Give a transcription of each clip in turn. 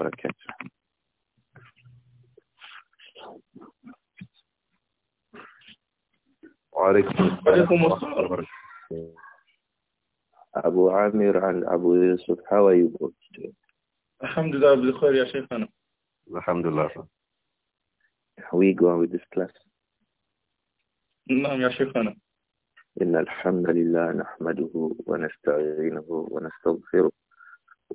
وبركاته وعليكم السلام ورحمة الله وبركاته أبو عامر عن أبو يوسف how are الحمد لله بخير يا شيخنا الحمد لله How we going with this class نعم يا شيخنا إن الحمد لله نحمده ونستعينه ونستغفره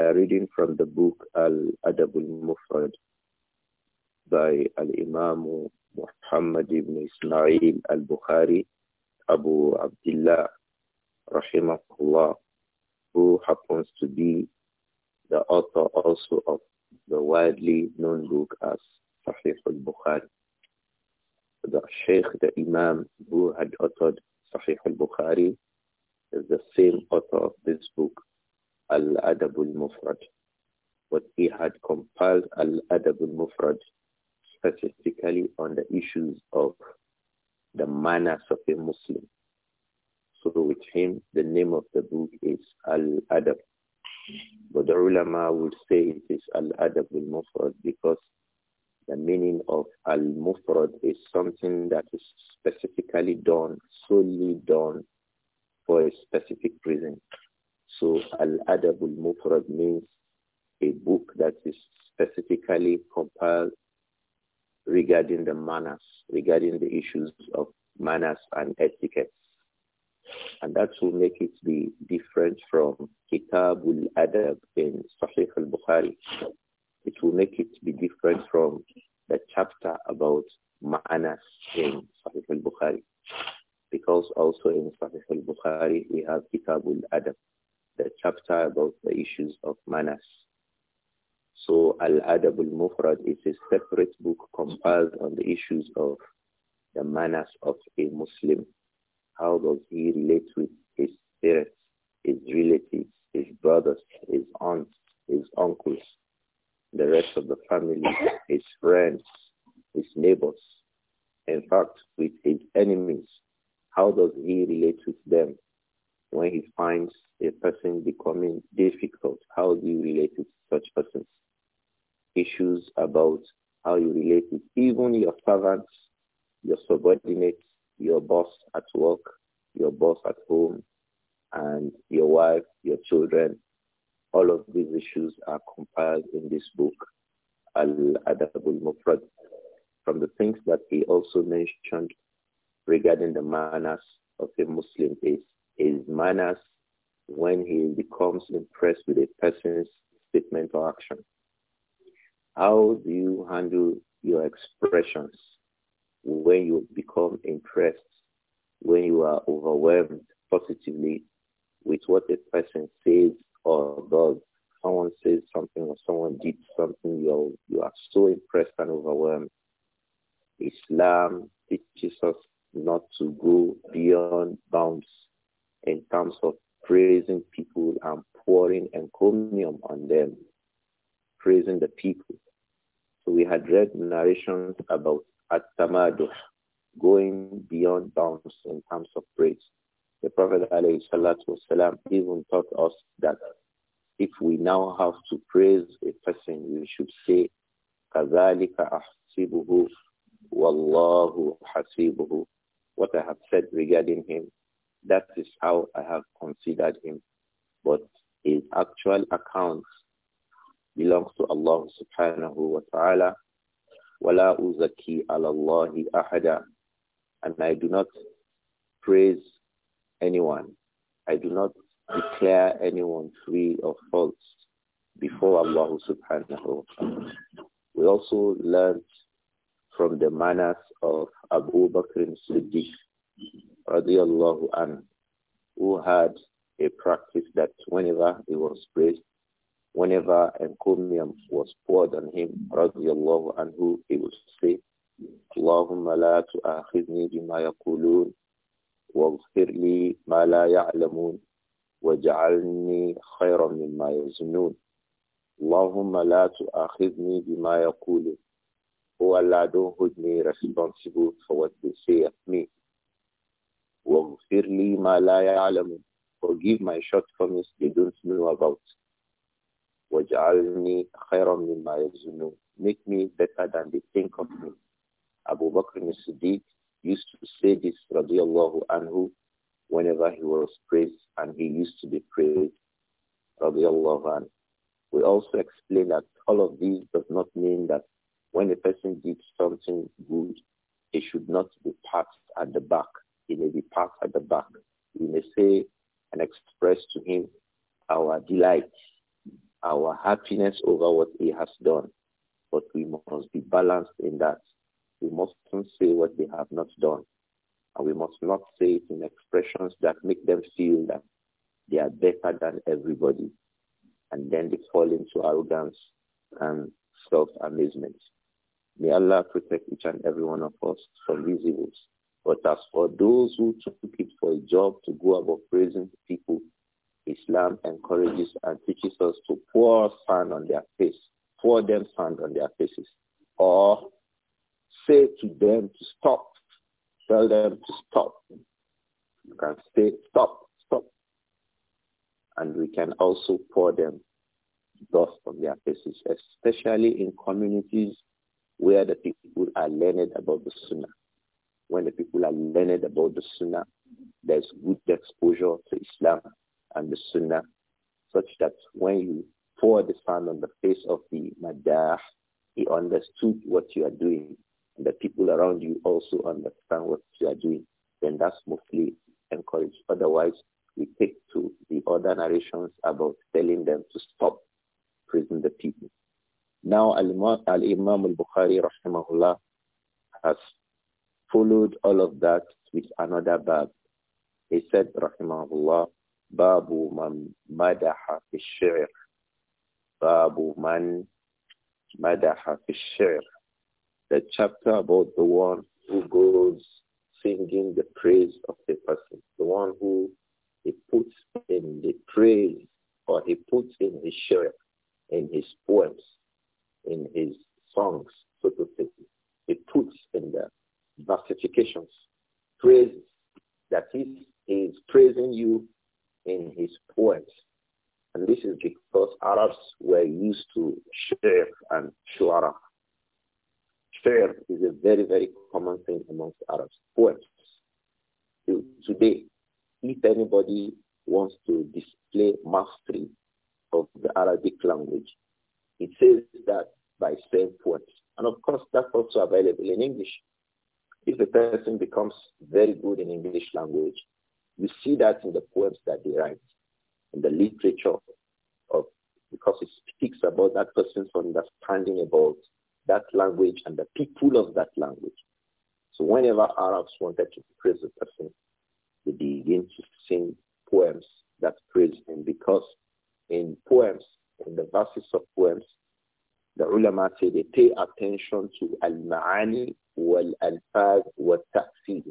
are reading from the book al Adabul mufrad by Al-Imam Muhammad ibn Ismail al-Bukhari, Abu Abdullah, rahimahullah, who happens to be the author also of the widely known book as Sahih al-Bukhari. The Sheikh, the Imam who had authored Sahih al-Bukhari is the same author of this book, Al-Adabul Mufrad. But he had compiled Al-Adabul Mufrad specifically on the issues of the manners of a Muslim. So with him, the name of the book is Al-Adab. But the ulama would say it is Al-Adab al-Mufrad because the meaning of Al-Mufrad is something that is specifically done, solely done for a specific reason. So Al-Adabul Mufrad means a book that is specifically compiled regarding the manners, regarding the issues of manners and etiquette. And that will make it be different from al Adab in Sahih al-Bukhari. It will make it be different from the chapter about manners in Sahih al-Bukhari. Because also in Sahih al-Bukhari we have al Adab the chapter about the issues of manners. So Al-Adab al-Mufrad is a separate book compiled on the issues of the manners of a Muslim. How does he relate with his parents, his relatives, his brothers, his aunts, his uncles, the rest of the family, his friends, his neighbors, in fact, with his enemies. How does he relate with them? when he finds a person becoming difficult, how do you relate to such persons? Issues about how you relate with even your servants, your subordinates, your boss at work, your boss at home, and your wife, your children. All of these issues are compiled in this book, Al-Adabul Mufrad. From the things that he also mentioned regarding the manners of a Muslim is his manners when he becomes impressed with a person's statement or action. How do you handle your expressions when you become impressed, when you are overwhelmed positively with what a person says or does? Someone says something or someone did something, you are, you are so impressed and overwhelmed. Islam teaches us not to go beyond bounds in terms of praising people and pouring encomium on them, praising the people. So we had read narrations about at going beyond bounds in terms of praise. The Prophet والسلام, even taught us that if we now have to praise a person, we should say, كَذَلِكَ أَحْسِبُهُ وَاللَّهُ حَسِيبُهُ What I have said regarding him, that is how I have considered him. But his actual account belongs to Allah subhanahu wa ta'ala. وَلَا أُزَكِي عَلَى اللَّهِ أَحَدًا And I do not praise anyone. I do not declare anyone free of faults before Allah subhanahu wa ta'ala. We also learned from the manners of Abu Bakr Siddiq radiallahu an, who had a practice that whenever he was praised, whenever encomium was poured on him, radiallahu who he would say, اللهم لا تؤاخذني بما يقولون واغفر لي ما لا يعلمون واجعلني خيرا مما يظنون اللهم لا تؤاخذني بما yakulun. Oh Allah, don't hold me responsible for what they say of me. Forgive my shortcomings they don't know about. Make me better than they think of me. Abu Bakr as-Siddiq used to say this, radiallahu anhu, whenever he was praised, and he used to be praised, radiallahu anhu. We also explain that all of these does not mean that when a person did something good, it should not be passed at the back. He may be parked at the back. We may say and express to him our delight, our happiness over what he has done. But we must be balanced in that. We mustn't say what they have not done. And we must not say it in expressions that make them feel that they are better than everybody. And then they fall into arrogance and self-amazement. May Allah protect each and every one of us from these evils. But as for those who took it for a job to go about praising people, Islam encourages and teaches us to pour sand on their face, pour them sand on their faces, or say to them to stop, tell them to stop. You can say stop, stop. And we can also pour them dust on their faces, especially in communities where the people are learned about the Sunnah when the people are learned about the Sunnah, there's good exposure to Islam and the Sunnah, such that when you pour the sand on the face of the Madah, he understood what you are doing. And the people around you also understand what you are doing. Then that's mostly encouraged. Otherwise, we take to the other narrations about telling them to stop praising the people. Now, Al-Imam al-Bukhari, rahimahullah, has followed all of that with another bab. He said, Rahimahullah, Babu man madaha fi shir. Babu man madaha fi shir. The chapter about the one who goes singing the praise of the person, the one who he puts in the praise or he puts in his shir, in his poems, in his songs, so to speak. He puts in the versifications, praises, that he is praising you in his poems. And this is because Arabs were used to shir and shuara. Shir is a very, very common thing amongst Arabs, poems. Today, if anybody wants to display mastery of the Arabic language, it says that by saying poems. And of course, that's also available in English. If a person becomes very good in English language, you see that in the poems that they write, in the literature of, because it speaks about that person's understanding about that language and the people of that language. So whenever Arabs wanted to praise a person, they begin to sing poems that praise him because in poems, in the verses of poems, the ulama say they pay attention to al-ma'ani wal-alfaz wal-ta'fir.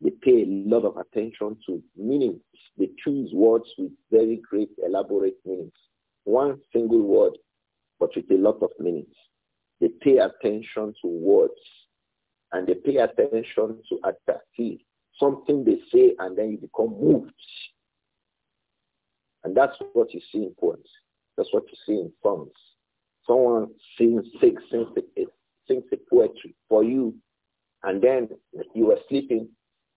They pay a lot of attention to meanings. They choose words with very great elaborate meanings. One single word, but with a lot of meanings. They pay attention to words and they pay attention to at-ta'fir. Something they say and then you become moved. And that's what you see in poems. That's what you see in songs someone sings, sings, sings, sings a poetry for you, and then you were sleeping,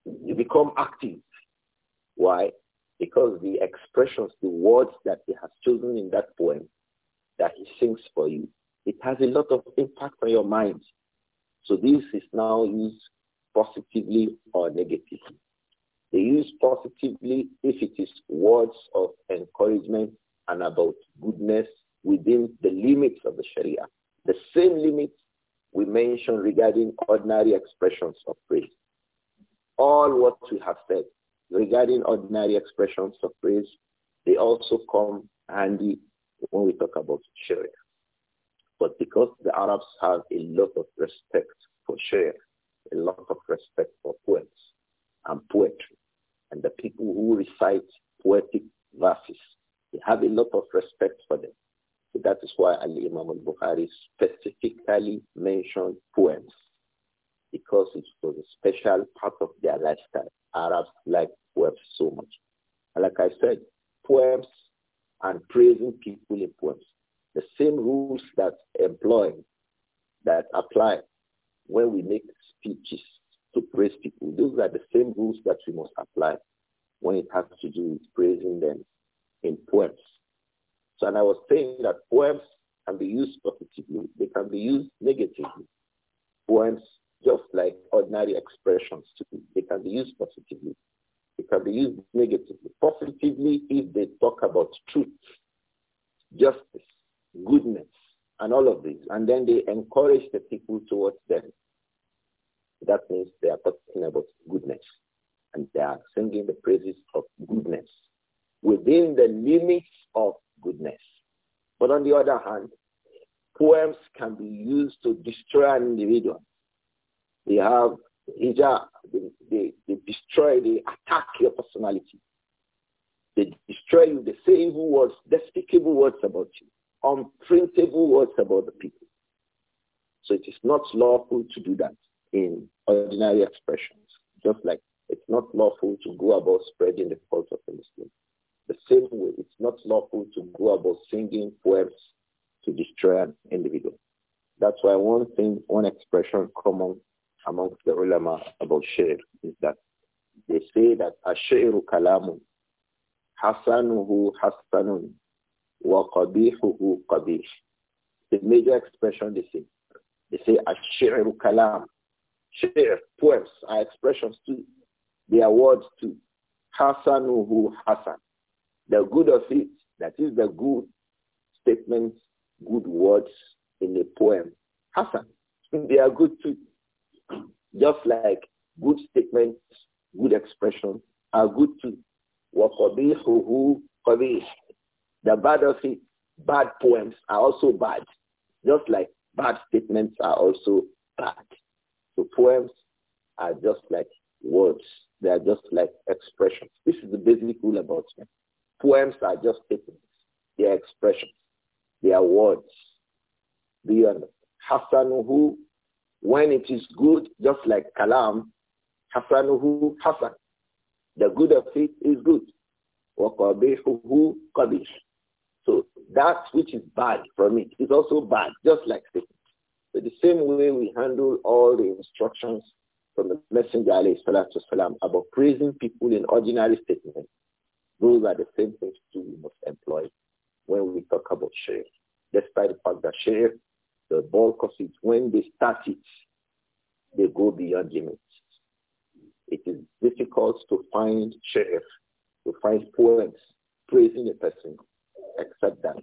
you become active. Why? Because the expressions, the words that he has chosen in that poem that he sings for you, it has a lot of impact on your mind. So this is now used positively or negatively. They use positively if it is words of encouragement and about goodness within the limits of the Sharia. The same limits we mentioned regarding ordinary expressions of praise. All what we have said regarding ordinary expressions of praise, they also come handy when we talk about Sharia. But because the Arabs have a lot of respect for Sharia, a lot of respect for poets and poetry, and the people who recite poetic verses, they have a lot of respect for them that is why Ali imam al-Bukhari specifically mentioned poems because it was a special part of their lifestyle. Arabs like poems so much. And like I said, poems and praising people in poems. The same rules that employ, that apply when we make speeches to praise people. Those are the same rules that we must apply when it has to do with praising them in poems. So and I was saying that poems can be used positively. They can be used negatively. Poems, just like ordinary expressions, too, they can be used positively. They can be used negatively. Positively if they talk about truth, justice, goodness, and all of these. And then they encourage the people towards them. That means they are talking about goodness. And they are singing the praises of goodness within the limits of goodness. But on the other hand, poems can be used to destroy an individual. They have hijab, they, they, they destroy, they attack your personality. They destroy you, they say evil words, despicable words about you, unprintable words about the people. So it is not lawful to do that in ordinary expressions, just like it's not lawful to go about spreading the cult of the Muslims. The same way, it's not lawful to go about singing poems to destroy an individual. That's why one thing, one expression common amongst the ulama about shir is that they say that ashiru kalamun, hasanuhu hasanun, wa qabihuhu qabih. The major expression they say, they say ashiru kalam, shir, poems are expressions too. They are words too. Hasanuhu hasan. The good of it, that is the good statements, good words in a poem. Hassan, they are good too. Just like good statements, good expression are good too. وَقَبِيحُهُ قَبِيحٌ The bad of it, bad poems are also bad. Just like bad statements are also bad. So poems are just like words. They are just like expressions. This is the basic rule about them. Poems are just statements. They are expressions. They are words. Do you understand? when it is good, just like Kalam, Hasanuhu, Hasan. The good of it is good. Waqabihuhu, Qabish. So that which is bad from it is also bad, just like statements. So the same way we handle all the instructions from the Messenger والسلام, about praising people in ordinary statements, those are the same things too we must employ when we talk about share. Despite the fact that share, the bulk of it, when they start it, they go beyond limits. It is difficult to find share, to find points praising a person, except that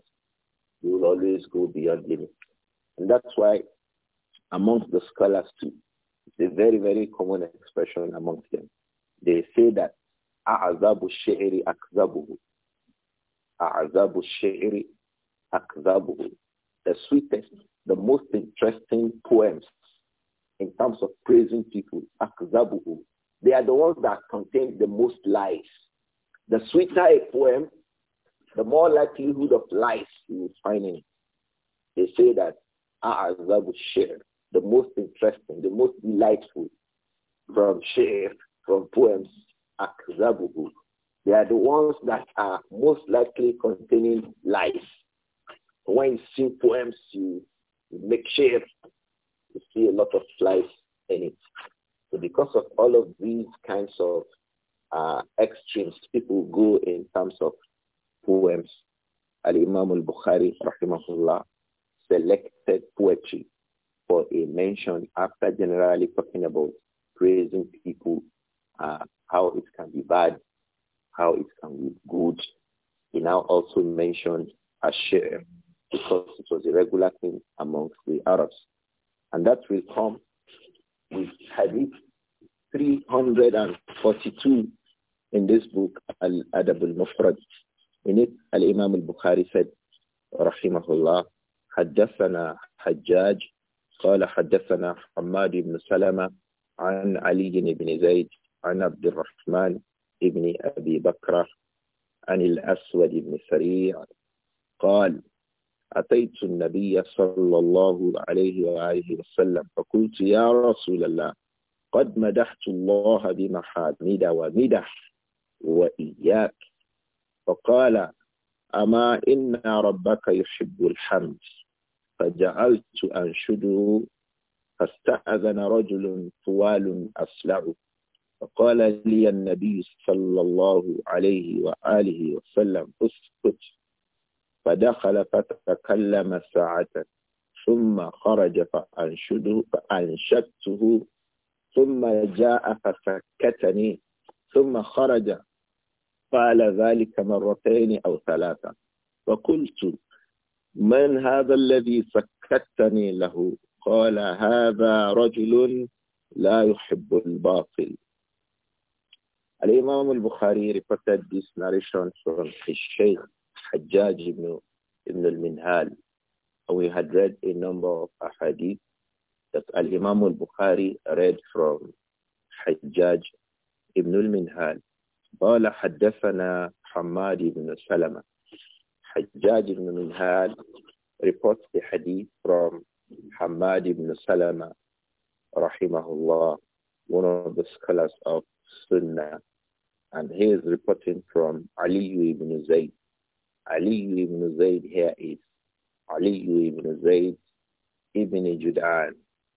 you will always go beyond limits. And that's why amongst the scholars too, it's a very, very common expression amongst them. They say that the sweetest, the most interesting poems in terms of praising people, أكذبه They are the ones that contain the most lies. The sweeter a poem, the more likelihood of lies you will find in it. They say that أعذاب الشعر the most interesting, the most delightful from share, from poems they are the ones that are most likely containing lies. When you see poems, you make sure you see a lot of lies in it. So because of all of these kinds of uh, extremes, people go in terms of poems. Al-Imam al-Bukhari, rahimahullah, selected poetry for a mention after generally talking about praising people uh, how it can be bad, how it can be good. He now also mentioned a share because it was a regular thing amongst the Arabs. And that will come with Hadith 342 in this book, Al-Adab al-Mufrad. In it, Al-Imam al-Bukhari said, "Rahimahullah, الله حدثنا حجاج قال حدثنا حماد بن سلمة عن علي بن زيد عن عبد الرحمن ابن أبي بكر عن الأسود بن سريع قال أتيت النبي صلى الله عليه وآله وسلم فقلت يا رسول الله قد مدحت الله بمحامد ومدح وإياك فقال أما إن ربك يحب الحمد فجعلت أنشده فاستأذن رجل طوال أسلعه فقال لي النبي صلى الله عليه وآله وسلم اسكت فدخل فتكلم ساعة ثم خرج فأنشده فأنشدته ثم جاء فسكتني ثم خرج فعل ذلك مرتين أو ثلاثة فقلت من هذا الذي سكتني له قال هذا رجل لا يحب الباطل Al-Imam al-Bukhari reported this narration from his Shaykh Hajjaj ibn, ibn al-Minhal. and We had read a number of hadiths that Al-Imam al-Bukhari read from Hajjaj ibn al-Minhal. قال حدثنا حماد ibn سلمة Hajjaj ibn al Minhal reports the hadith from Hamad ibn Salama, rahimahullah, one of the scholars of Sunnah and he is reporting from Ali ibn Zayd. Ali ibn Zayd here is Ali ibn Zayd ibn Judan.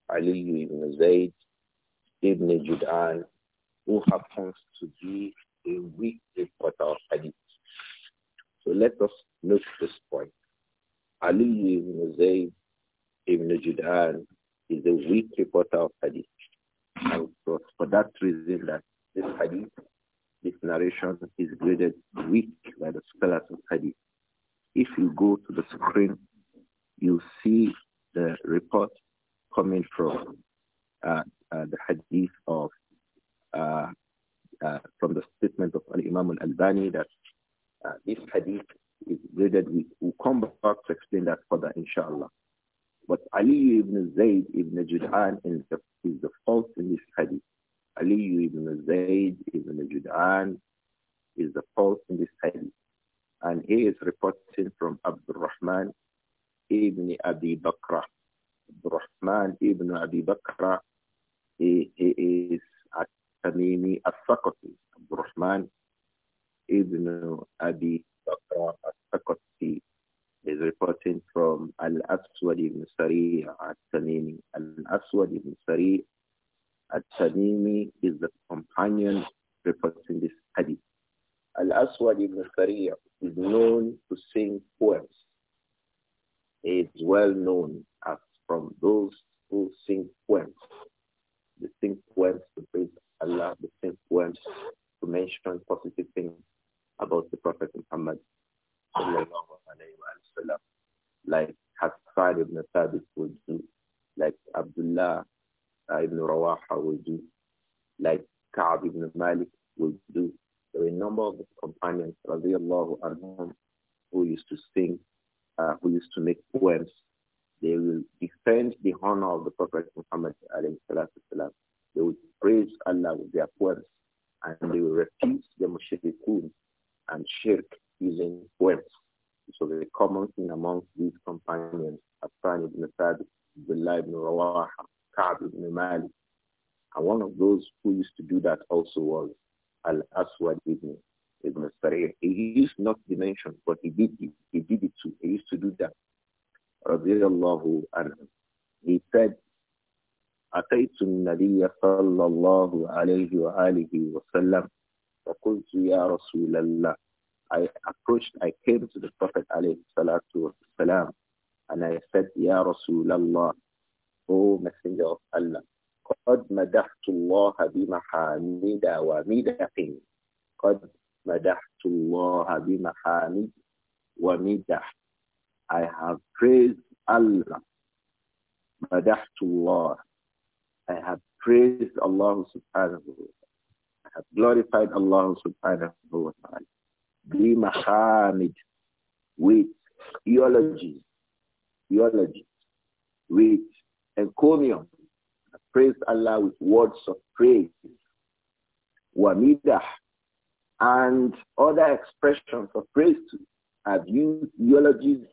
Ali ibn Zayd ibn Judan, who happens to be a weak reporter of hadith. So let us note this point. Ali ibn Zayd ibn Judan is a weak reporter of hadith. And so for that reason that this hadith this narration is graded weak by the scholars of Hadith. If you go to the screen, you see the report coming from uh, uh, the Hadith of uh, uh from the statement of Al Imam Al Albani that uh, this Hadith is graded weak. We'll come back to explain that further, inshallah. But Ali ibn Zayd ibn Jud'an is the, is the fault in this Hadith. Ali ibn Zayd ibn Judan is the fourth in this hadith. And he is reporting from Abdul Rahman ibn Abi Bakr. Abdul Rahman ibn Abi Bakr he, he is At-Tamimi Al-Thaqafi. Abdul Rahman ibn Abi Bakr Al-Thaqafi is reporting from Al-Aswad ibn Sari At-Tamimi. Al-Aswad ibn Sari at-Tamimi is the companion reporting this hadith. Al-Aswad ibn Sariya is known to sing poems. He is well known as from those who sing poems. They sing poems to praise Allah, they sing poems to mention positive things about the Prophet Muhammad like Hassan ibn Thabit would do, like Abdullah uh, ibn Rawaha will do, like Ka'ab ibn Malik will do. There were a number of companions, radiallahu anhum, who used to sing, uh, who used to make poems. They will defend the honor of the Prophet Muhammad alayhi They will praise Allah with their poems and they will refute the mushrikun and shirk using poems. So the common thing amongst these companions, Hassan ibn Thabit, Abdullah ibn Rawaha, Ka'b ibn Malik. And one of those who used to do that also was Al-Aswad ibn, ibn Sarir. He used not to mention, but he did it. He did it too. He used to do that. Radiallahu anhu. He said, أتيت النبي صلى الله عليه وآله وسلم فقلت يا رسول الله I approached, I came to the Prophet عليه الصلاة والسلام and I said, يا رسول الله O Messenger of Allah, قد مدحت الله بمحامد ومدح قد مدحت الله بمحامد ومدح I have praised Allah مدحت الله I have praised Allah subhanahu wa I have glorified Allah subhanahu wa بمحامد with theology theology with encomium, praise Allah with words of praise, wamidah, and other expressions of praise I've used eulogies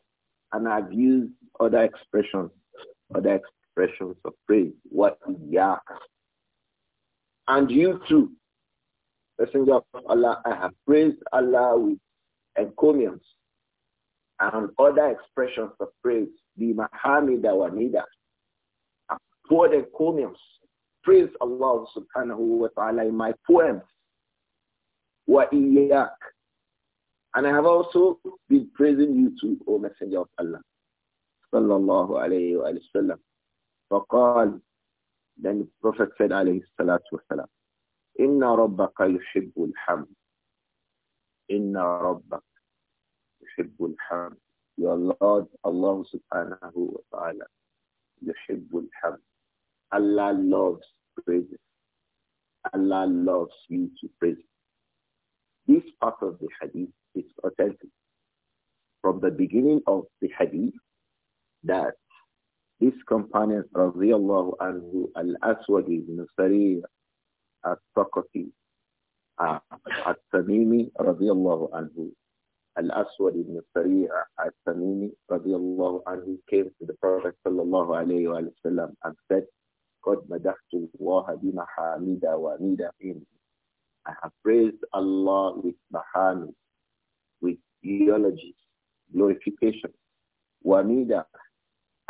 and I've used other expressions, other expressions of praise. What is yak? And you too, Messenger of Allah, I have praised Allah with encomiums and other expressions of praise, the Mahamida Wanida, the poems. Praise Allah subhanahu wa ta'ala in my poems. Wa iyak. And I have also been praising you too, O Messenger of Allah. Sallallahu alayhi wa sallam. فقال Then the Prophet said alayhi salatu salam. Inna rabbaka yuhibbul ham. Inna rabbaka yuhibbul ham. Your Lord, Allah subhanahu wa ta'ala, yuhibbul ham." Allah loves praises. Allah loves you to praise. This part of the hadith is authentic. From the beginning of the hadith, that this companion, radiallahu anhu, al-Aswad ibn Sariya, al-Saqafi, al-Tamimi, radiallahu anhu, Al-Aswad ibn Sari'a al-Tamimi radiallahu anhu came to the Prophet sallallahu alayhi wa and said, قَدْ مَدَحْتُ اللَّهَ بِمَحَامِدَ وَمِدَ إِنْ I have praised Allah with mahamid, with eulogies, glorification, wamida,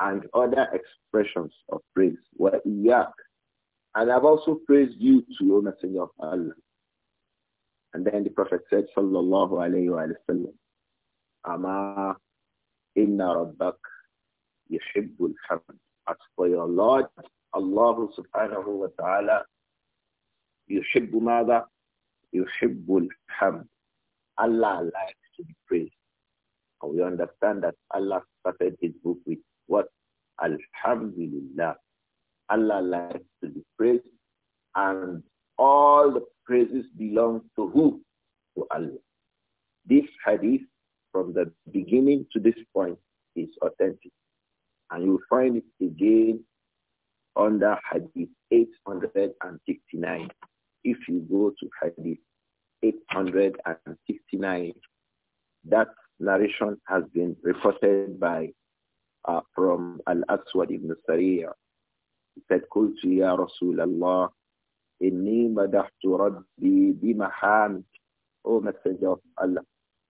and other expressions of praise, wa iyak. And I've also praised you to O Messenger of Allah. And then the Prophet said, Sallallahu alayhi wa sallam, Ama inna rabbak yuhibbul hamd. As for your Lord, Allah subhanahu wa ta'ala يحب ماذا؟ يحب الحمد. Allah likes to be praised. And we understand that Allah started his book with what? Alhamdulillah. Allah likes to be praised. And all the praises belong to who? To Allah. This hadith from the beginning to this point is authentic. And you find it again under Hadith 869. If you go to Hadith 869, that narration has been reported by uh, from Al-Aswad ibn Sariya. He said, قلت يا رسول الله إني مدحت ربي O Messenger of Allah,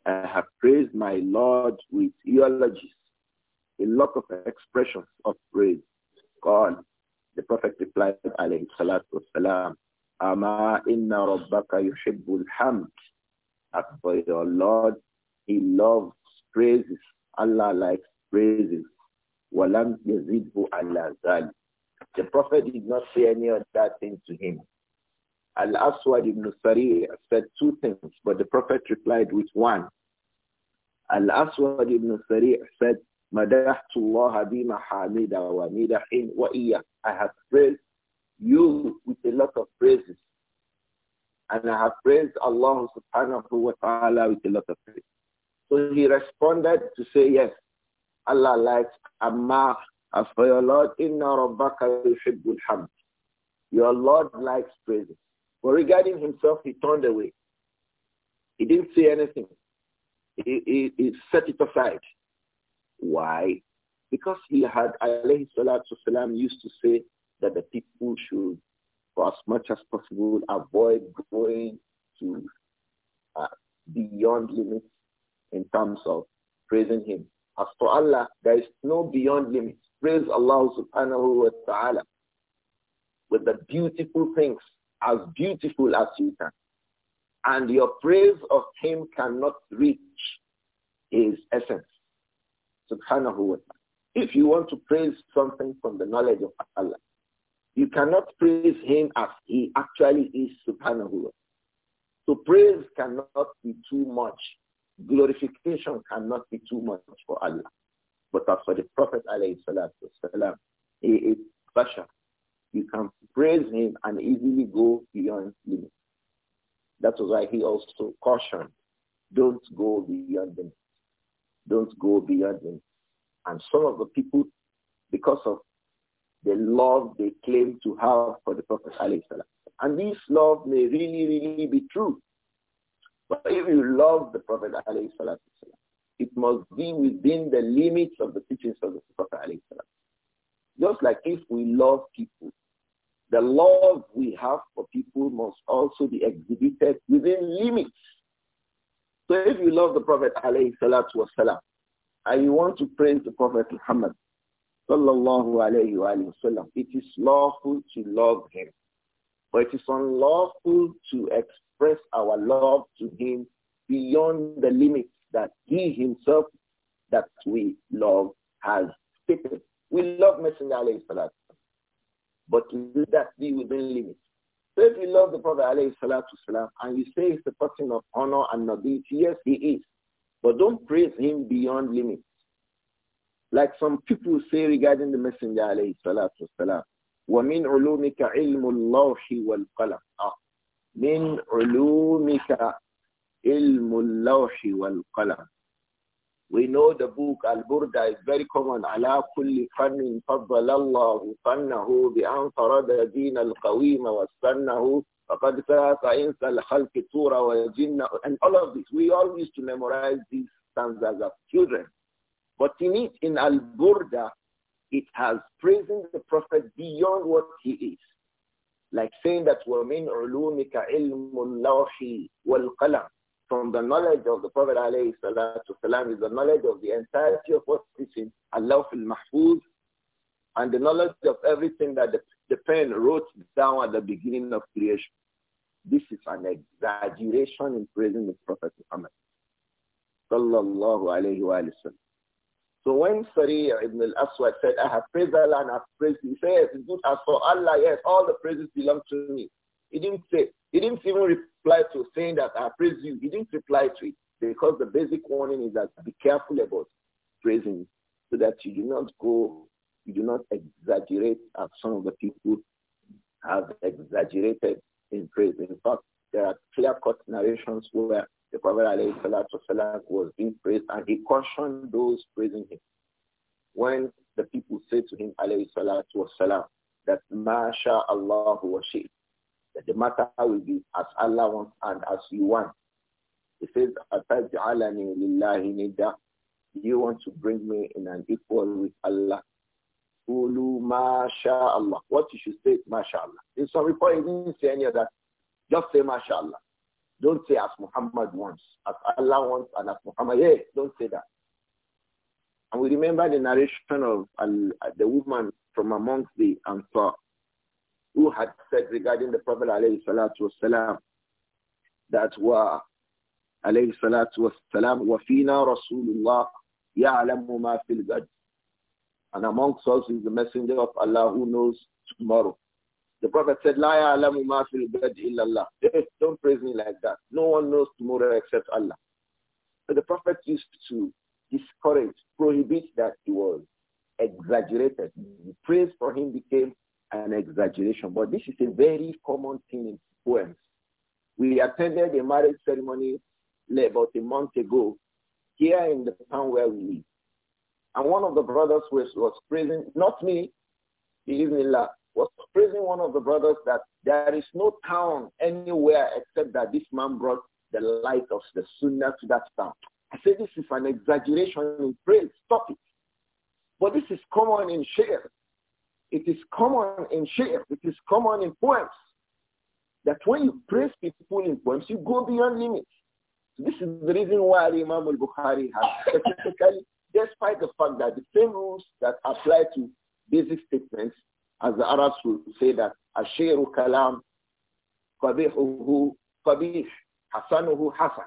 I have praised my Lord with eulogies, a lot of expressions of praise. God, the Prophet replied, alayhi salatu wasalam, Ama inna rabbaka yuhibbul hamd. As for your Lord, he loves praises. Allah likes praises. Walam yazidhu ala zali. The Prophet did not say any of that thing to him. Al-Aswad ibn Sari said two things, but the Prophet replied with one. Al-Aswad ibn Sari said, I have praised you with a lot of praises and I have praised Allah subhanahu wa ta'ala with a lot of praise. So he responded to say yes Allah likes Amma as for your Lord inna rabbaka yuhibbul hamd your Lord likes praises but regarding himself he turned away he didn't say anything he, he, he set it aside why? Because he had, alayhi salatu salam, used to say that the people should, for as much as possible, avoid going to uh, beyond limits in terms of praising him. As for Allah, there is no beyond limits. Praise Allah subhanahu wa ta'ala with the beautiful things, as beautiful as you can. And your praise of him cannot reach his essence subhanahu wa ta'ala. If mm-hmm. you want to praise something from the knowledge of Allah, you cannot praise him as he actually is subhanahu wa ta'ala. So praise cannot be too much. Glorification cannot be too much for Allah. But as for the Prophet alayhi salatu he is special. You can praise him and easily go beyond limits. That was why he also cautioned, don't go beyond limits. Don't go beyond him. And some of the people, because of the love they claim to have for the Prophet And this love may really, really be true. But if you love the Prophet it must be within the limits of the teachings of the Prophet Just like if we love people, the love we have for people must also be exhibited within limits. So if you love the Prophet alayhi salatu wasalam, and you want to praise the Prophet Muhammad sallallahu alayhi wa sallam, it is lawful to love him. But it is unlawful to express our love to him beyond the limits that he himself that we love has stated. We love Messenger alayhi salatu but let that be within limits. So if you love the Prophet والسلام, and you say he's a person of honor and nobility, yes, he is. But don't praise him beyond limits. Like some people say regarding the Messenger alayhi salatu wasalam, وَمِنْ عُلُومِكَ عِلْمُ اللَّوْحِ وَالْقَلَمِ ah, مِنْ عُلُومِكَ عِلْمُ اللَّوْحِ وَالْقَلَمِ we know the book Al-Burda is very common. على كل فن فضل الله فنه بأن فرد دين القويم وسنه فقد فاق إنس الخلق طورا وجن and all of this. We all used to memorize these stanzas as children. But in it, in Al-Burda, it has praising the Prophet beyond what he is. Like saying that وَمِنْ عُلُومِكَ عِلْمُ اللَّوْحِ وَالْقَلَمِ from the knowledge of the Prophet alayhi is the knowledge of the entirety of what's in Allah fil Mahfuz and the knowledge of everything that the, the pen wrote down at the beginning of creation. This is an exaggeration in praising the Prophet Muhammad. Sallallahu alayhi wa So when Sari ibn al-Aswad said, I have praised Allah and I have praised He says, as for Allah, yes, all the praises belong to me. He didn't say, he didn't even reply to saying that I praise you. He didn't reply to it because the basic warning is that be careful about praising so that you do not go, you do not exaggerate as some of the people have exaggerated in praise. In fact, there are clear-cut narrations where the Prophet ﷺ was being praised and he cautioned those praising him. When the people said to him, والسلام, that Masha Allah was shi, that the matter will be as Allah wants and as you want. He says, Ataj'alani lillahi nida. You want to bring me in an equal with Allah. Ulu Allah. What you should say, Mashallah. In some report, he didn't say any of that. Just say Mashallah. Don't say as Muhammad wants, as Allah wants, and as Muhammad. Hey, don't say that. And we remember the narration of uh, the woman from amongst the Ansar who had said regarding the Prophet alayhi salatu wasalam that wa alayhi salatu wasalam wa fina Rasulullah ya'lamu ma fil gad. And amongst us is the messenger of Allah who knows tomorrow. The Prophet said, La ya'lamu ma fil gad illallah. Don't praise me like that. No one knows tomorrow except Allah. But the Prophet used to discourage, prohibit that he was exaggerated. The praise for him became an exaggeration, but this is a very common thing in poems. We attended a marriage ceremony about a month ago here in the town where we live. And one of the brothers was, was praising, not me, Bismillah, was praising one of the brothers that there is no town anywhere except that this man brought the light of the sunnah to that town. I say this is an exaggeration in praise. Stop it. But this is common in shares. It is common in shi'r, it is common in poems, that when you praise people in poems, you go beyond limits. This is the reason why Imam al-Bukhari has specifically, despite the fact that the same rules that apply to basic statements, as the Arabs would say that, ashiru kalam, qabihuhu, qabih, hasanuhu, hasan.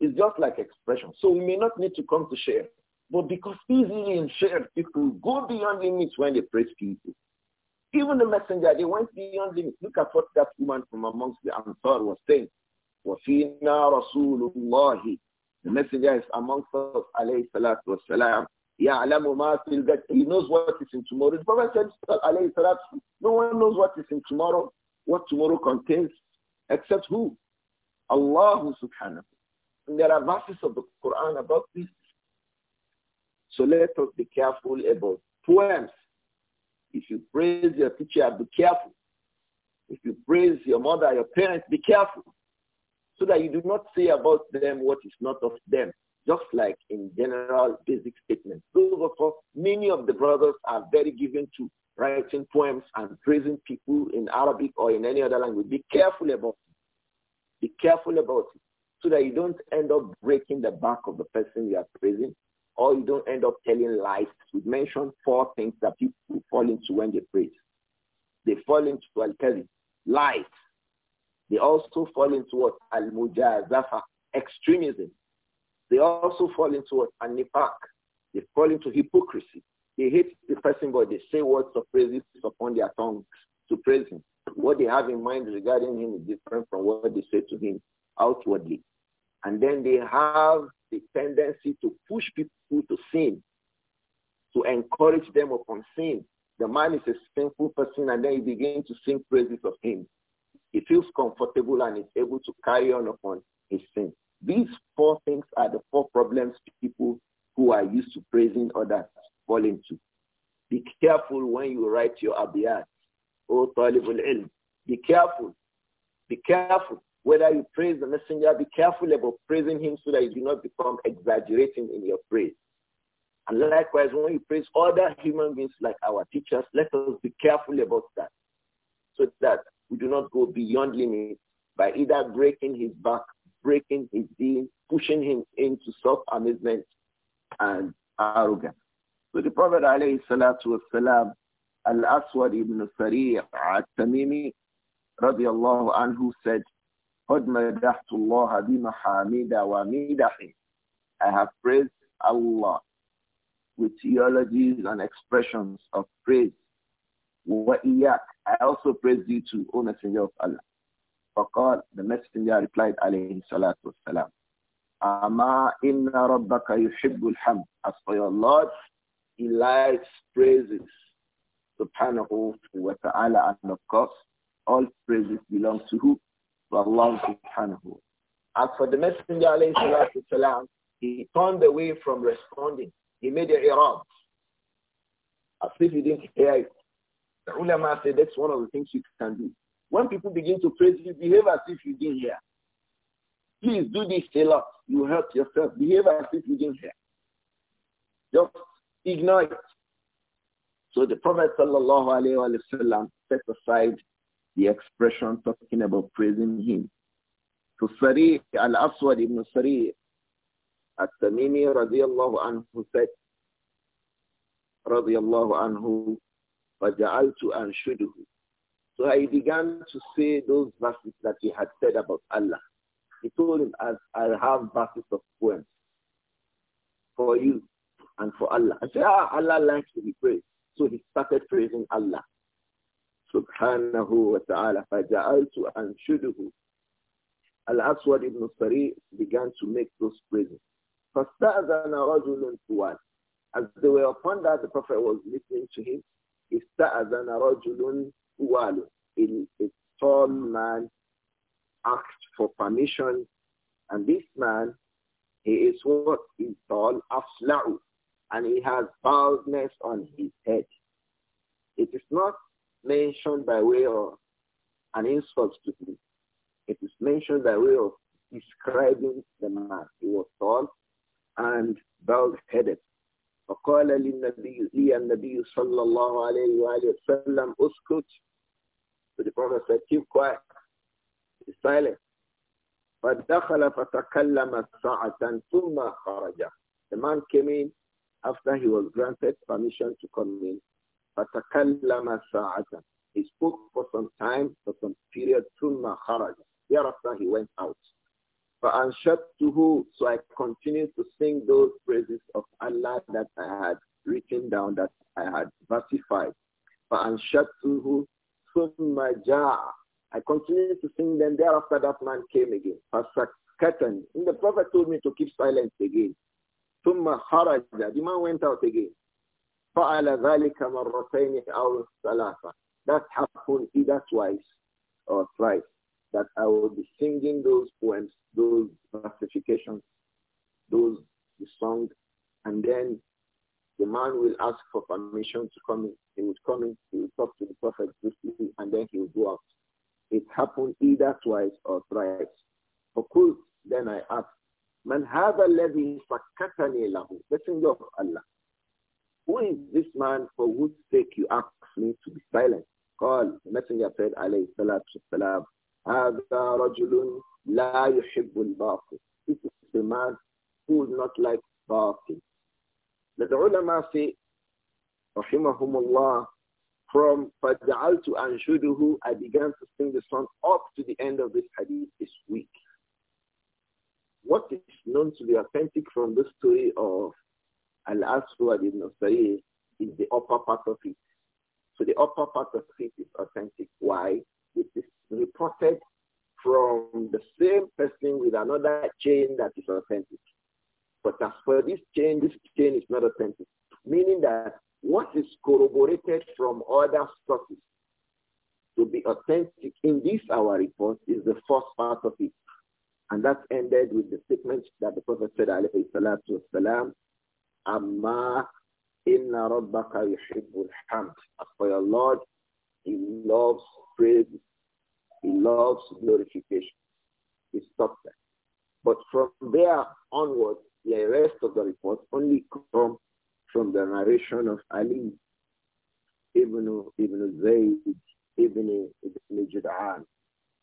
It's just like expression. So we may not need to come to share. But because these in share, people go beyond limits when they praise people. Even the messenger, they went beyond limits. Look at what that woman from amongst the Ansar was saying. "Wafina Rasulullah." The messenger is amongst us, alayhi salatu wasalam. Ya مَا فِي that He knows what is in tomorrow. The Prophet said, alayhi salatu, no one knows what is in tomorrow, what tomorrow contains, except who? Allah subhanahu. And there are verses of the Quran about this so let us be careful about poems. If you praise your teacher, be careful. If you praise your mother, your parents, be careful. So that you do not say about them what is not of them. Just like in general basic statements. Those of us, many of the brothers are very given to writing poems and praising people in Arabic or in any other language. Be careful about it. Be careful about it so that you don't end up breaking the back of the person you are praising or you don't end up telling lies. we mentioned four things that people fall into when they pray. They fall into al you: lies. They also fall into what? Al-mujazafa, extremism. They also fall into what? An-nifaq. They fall into hypocrisy. They hate the person, but they say words of praises upon their tongues to praise him. What they have in mind regarding him is different from what they say to him outwardly. And then they have the tendency to push people to sin, to encourage them upon sin. The man is a sinful person and then he begins to sing praises of him. He feels comfortable and is able to carry on upon his sin. These four things are the four problems people who are used to praising others fall into. Be careful when you write your abiyat. Oh, talibul ilm. Be careful. Be careful. Whether you praise the messenger, be careful about praising him so that you do not become exaggerating in your praise. And likewise, when you praise other human beings like our teachers, let us be careful about that so that we do not go beyond limits by either breaking his back, breaking his deal, pushing him into self amusement and arrogance. So the Prophet alayhi salatu wasalam, Al-Aswad ibn Sari' al-Tamimi radiallahu anhu said, قد مدحت الله ومدح I have praised Allah with theologies and expressions of praise. وإياك I also praise you too, O Messenger of Allah. فقال the Messenger replied عليه الصلاة والسلام أما إن ربك يحب الحمد As for your Lord, He likes praises subhanahu wa ta'ala and of course all praises belong to who? to Allah subhanahu. As for the Messenger alayhi he turned away from responding. He made a irab. As if he didn't hear it. The ulama said that's one of the things you can do. When people begin to praise you, behave as if you didn't hear. Please do this a lot. You help yourself. Behave as if you didn't hear. Just ignore it. So the Prophet sallallahu alayhi wa sallam set aside the expression talking about praising him. So Sari al-Aswad ibn Sari al-Tamimi radiallahu anhu said, radiallahu anhu, to أَنْشُدُهُ So he began to say those verses that he had said about Allah. He told him, I, I have verses of poems for you and for Allah. I said, ah, Allah likes to be praised. So he started praising Allah. سبحانه وتعالى فجعلت أنشده Al-Aswad ibn began to make those praises. فَاسْتَأْذَنَ رَجُلٌ طُوَالٍ As they were upon that, the Prophet was listening to him. استأذن رجل طوال a tall man asked for permission and this man he is what is called afla'u and he has baldness on his head it is not mentioned by way of an insult to him. It is mentioned by way of describing the man. He was tall and bald-headed. فقال للنبي لي النبي صلى الله عليه وآله وسلم اسكت So the Prophet said, keep quiet. Be silent. فدخل فتكلم ساعة ثم خرج. The man came in after he was granted permission to come in. فَتَكَلَّمَ سَاعَةً He spoke for some time, for some period, ثُمَّ خَرَجَ Thereafter he went out. فَأَنْشَدْتُهُ So I continued to sing those praises of Allah that I had written down, that I had versified. فَأَنْشَدْتُهُ ثُمَّ جَاءَ I continued to sing them. Thereafter that man came again. فَسَكَّتَنِ And the Prophet told me to keep silence again. ثُمَّ خَرَجَ The man went out again. فعل ذلك مرتين أو ثلاثة. That happened either twice or thrice. That I will be singing those poems, those versifications, those the song, and then the man will ask for permission to come in. He would come in, he would talk to the prophet briefly, and then he would go out. It happened either twice or thrice. فقلت, then I asked, "Man, هذا الذي سكتني له? Messenger of Allah. Who is this man for whose sake you ask me to be silent? قال the messenger said عليه الصلاة والسلام هذا رجل لا يحب الباطل This is the man who is not like batil. The ulama say رحمهم الله from فَجَعَلْتُ أَنْشُدُهُ I began to sing the song up to the end of this hadith is weak. What is known to be authentic from the story of Al-Aswad ibn Sa'id is the upper part of it. So the upper part of it is authentic. Why? It is reported from the same person with another chain that is authentic. But as for this chain, this chain is not authentic, meaning that what is corroborated from other sources to be authentic in this our report is the first part of it. And that ended with the statement that the Prophet said, alayhi salatu wasalam, Amma inna rabbaka yuhibbul hamd. For your Lord, he loves praise. He loves glorification. He stopped that. But from there onward, the rest of the report only come from the narration of Ali ibn, ibn Zayd ibn, ibn Jud'an.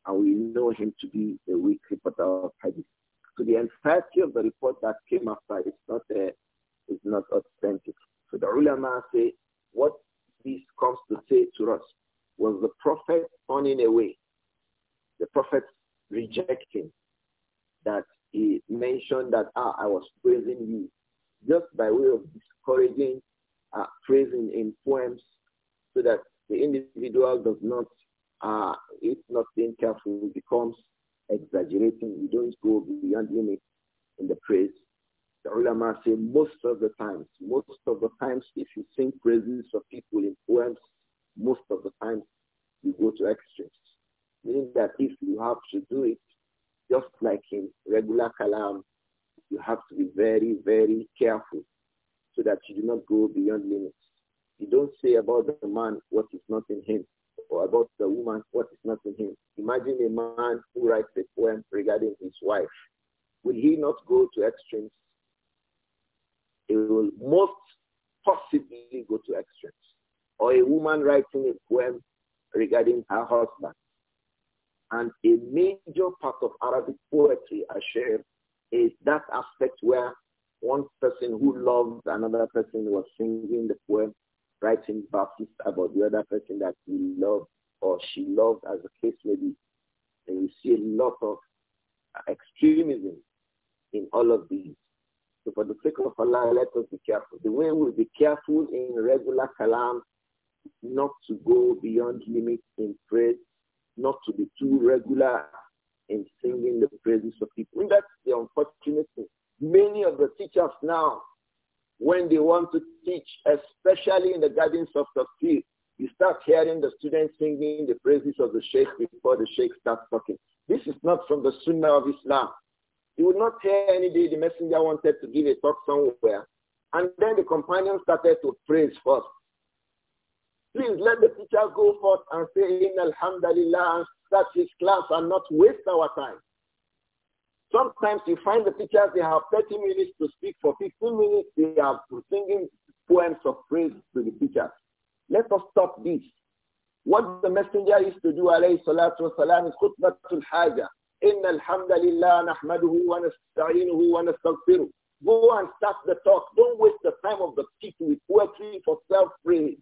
And we know him to be a weak reporter of hadith. So the entirety of the report that came after is not a is not authentic. So the ulama say what this comes to say to us was the prophet turning away, the prophet rejecting that he mentioned that ah, I was praising you just by way of discouraging uh, praising in poems so that the individual does not, uh, if not being careful, becomes exaggerating. You don't go beyond limits in the praise the ulama say most of the times, most of the times if you sing praises of people in poems, most of the times you go to extremes. Meaning that if you have to do it, just like in regular kalam, you have to be very, very careful so that you do not go beyond limits. You don't say about the man what is not in him or about the woman what is not in him. Imagine a man who writes a poem regarding his wife. Will he not go to extremes? it will most possibly go to extremes. Or a woman writing a poem regarding her husband. And a major part of Arabic poetry, I share is that aspect where one person who loves another person was singing the poem, writing verses about the other person that he loved or she loved, as the case may be. And you see a lot of extremism in all of these. So for the sake of Allah, let us be careful. The way we'll be careful in regular kalam, not to go beyond limits in praise, not to be too regular in singing the praises of people. And that's the unfortunate thing. Many of the teachers now, when they want to teach, especially in the gardens of the field, you start hearing the students singing the praises of the sheikh before the sheikh starts talking. This is not from the sunnah of Islam. You would not hear any day the messenger wanted to give a talk somewhere. And then the companions started to praise first. Please let the teacher go forth and say, in alhamdulillah, and start his class and not waste our time. Sometimes you find the teachers, they have 30 minutes to speak. For 15 minutes, they are singing poems of praise to the teachers. Let us stop this. What the messenger used to do, alayhi salatu salam is khutbatul haja. إن الحمد لله نحمده ونستعينه ونستغفره Go and start the talk. Don't waste the time of the people with poetry for self-praise.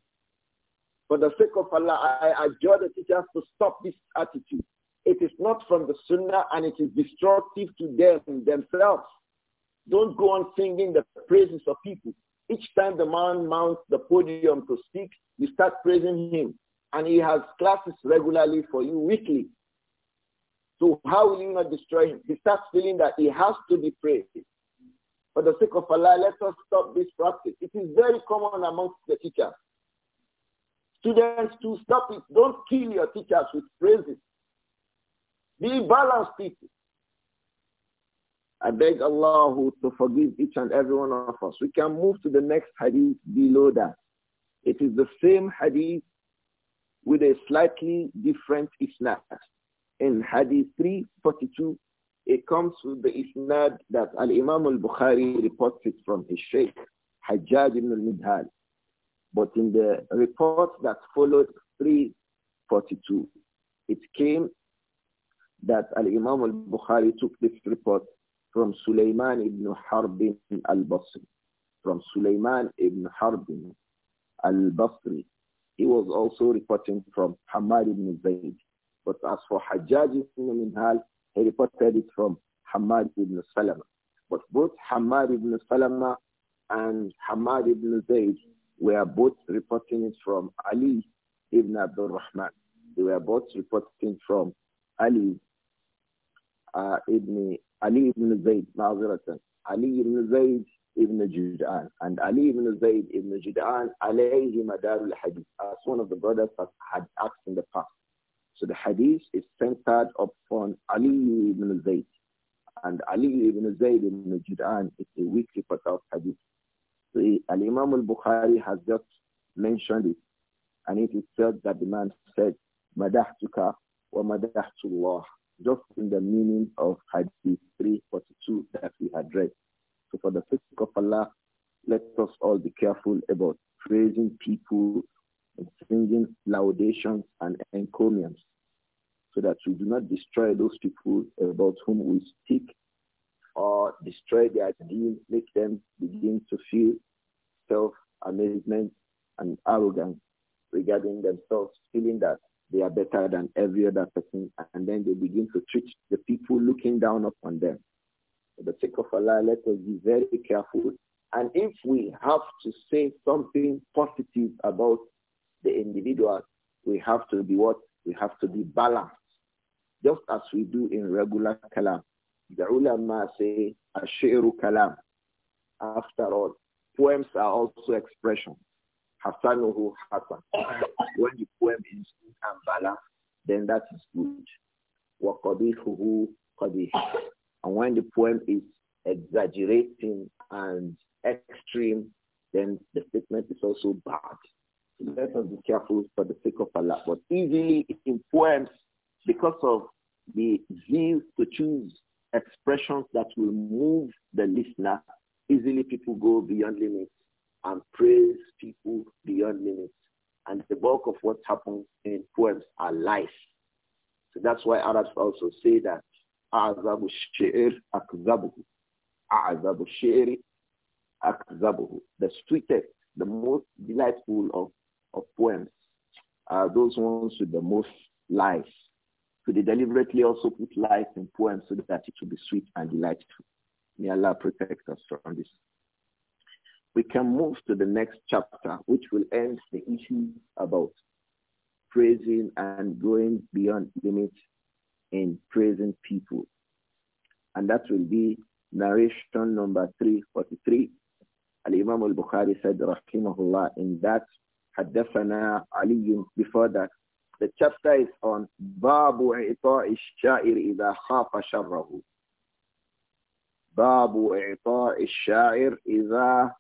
For the sake of Allah, I adjure the teachers to stop this attitude. It is not from the sunnah and it is destructive to them themselves. Don't go on singing the praises of people. Each time the man mounts the podium to speak, you start praising him. And he has classes regularly for you weekly. So how will you not destroy him? He starts feeling that he has to be praised. For the sake of Allah, let us stop this practice. It is very common amongst the teachers. Students to stop it. Don't kill your teachers with praises. Be balanced people. I beg Allah to forgive each and every one of us. We can move to the next hadith below that. It is the same hadith with a slightly different isnad in Hadith 342, it comes with the isnad that Al-Imam al-Bukhari reports it from his sheikh, Hajjaj ibn al-Midhal. But in the report that followed 342, it came that Al-Imam al-Bukhari took this report from Sulaiman ibn Harb al-Basri. From Sulaiman ibn Harb al-Basri. He was also reporting from Hamad ibn Zayd. But as for Hajjaj ibn Minhal, he reported it from Hamad ibn Salama. But both Hamad ibn Salama and Hamad ibn Zayd were both reporting it from Ali ibn Abdul Rahman. They were both reporting from Ali uh, ibn Ali ibn Zayd, Ma'aziratan. Ali ibn Zayd ibn Jud'an. And Ali ibn Zayd ibn Jud'an, alayhi madarul hadith, as one of the brothers had asked in the past. So the hadith is centered upon Ali ibn Zayd. And Ali ibn Zayd the Jud'an is a weekly part of hadith. So Al-Imam al-Bukhari has just mentioned it. And it is said that the man said, Madahtuka wa madahtullah. Just in the meaning of hadith 342 that we had read. So for the sake of Allah, let us all be careful about praising people singing laudations and encomiums so that we do not destroy those people about whom we speak or destroy their deen, make them begin to feel self-amazement and arrogance regarding themselves, feeling that they are better than every other person, and then they begin to treat the people looking down upon them. For the sake of Allah, let us be very careful. And if we have to say something positive about the individual we have to be what? We have to be balanced. Just as we do in regular kalam. The ulama say, ashiru kalam. After all, poems are also expressions. Hasanuhu Hasan. When the poem is good and balanced, then that is good. Waqadihuhu Qadih. And when the poem is exaggerating and extreme, then the statement is also bad. Let us be careful for the sake of Allah, but easily influenced because of the zeal to choose expressions that will move the listener. Easily people go beyond limits and praise people beyond limits. And the bulk of what happens in poems are lies. So that's why Arabs also say that أعذب الشعر أكذبه أعذب The sweetest, the most delightful of of poems are those ones with the most life. So they deliberately also put life in poems so that it will be sweet and delightful. May Allah protect us from this. We can move to the next chapter, which will end the issue about praising and going beyond limits in praising people. And that will be narration number 343. Al-Imam al-Bukhari said, Rahimahullah, in that حدثنا علي before that. The chapter is on باب إعطاء الشاعر إذا خاف شره. باب إعطاء الشاعر إذا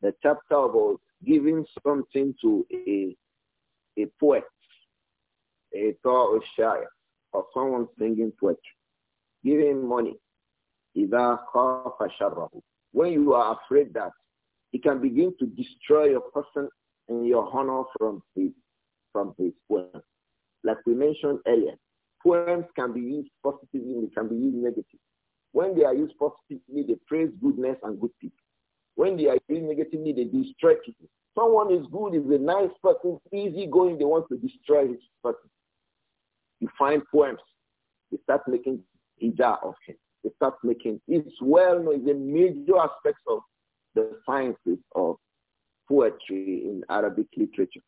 The chapter about giving something to a, a poet. إعطاء الشاعر or someone singing poetry. Giving money. إذا خاف شره. When you are afraid that it can begin to destroy your person and your honor from his, from his poem. Like we mentioned earlier, poems can be used positively and they can be used negatively. When they are used positively, they praise goodness and good people. When they are used negatively, they destroy people. Someone is good, is a nice person, easy going, they want to destroy his person. You find poems. They start making hijab of him. They start making, it's well known, it's a major aspect of the sciences of poetry in Arabic literature.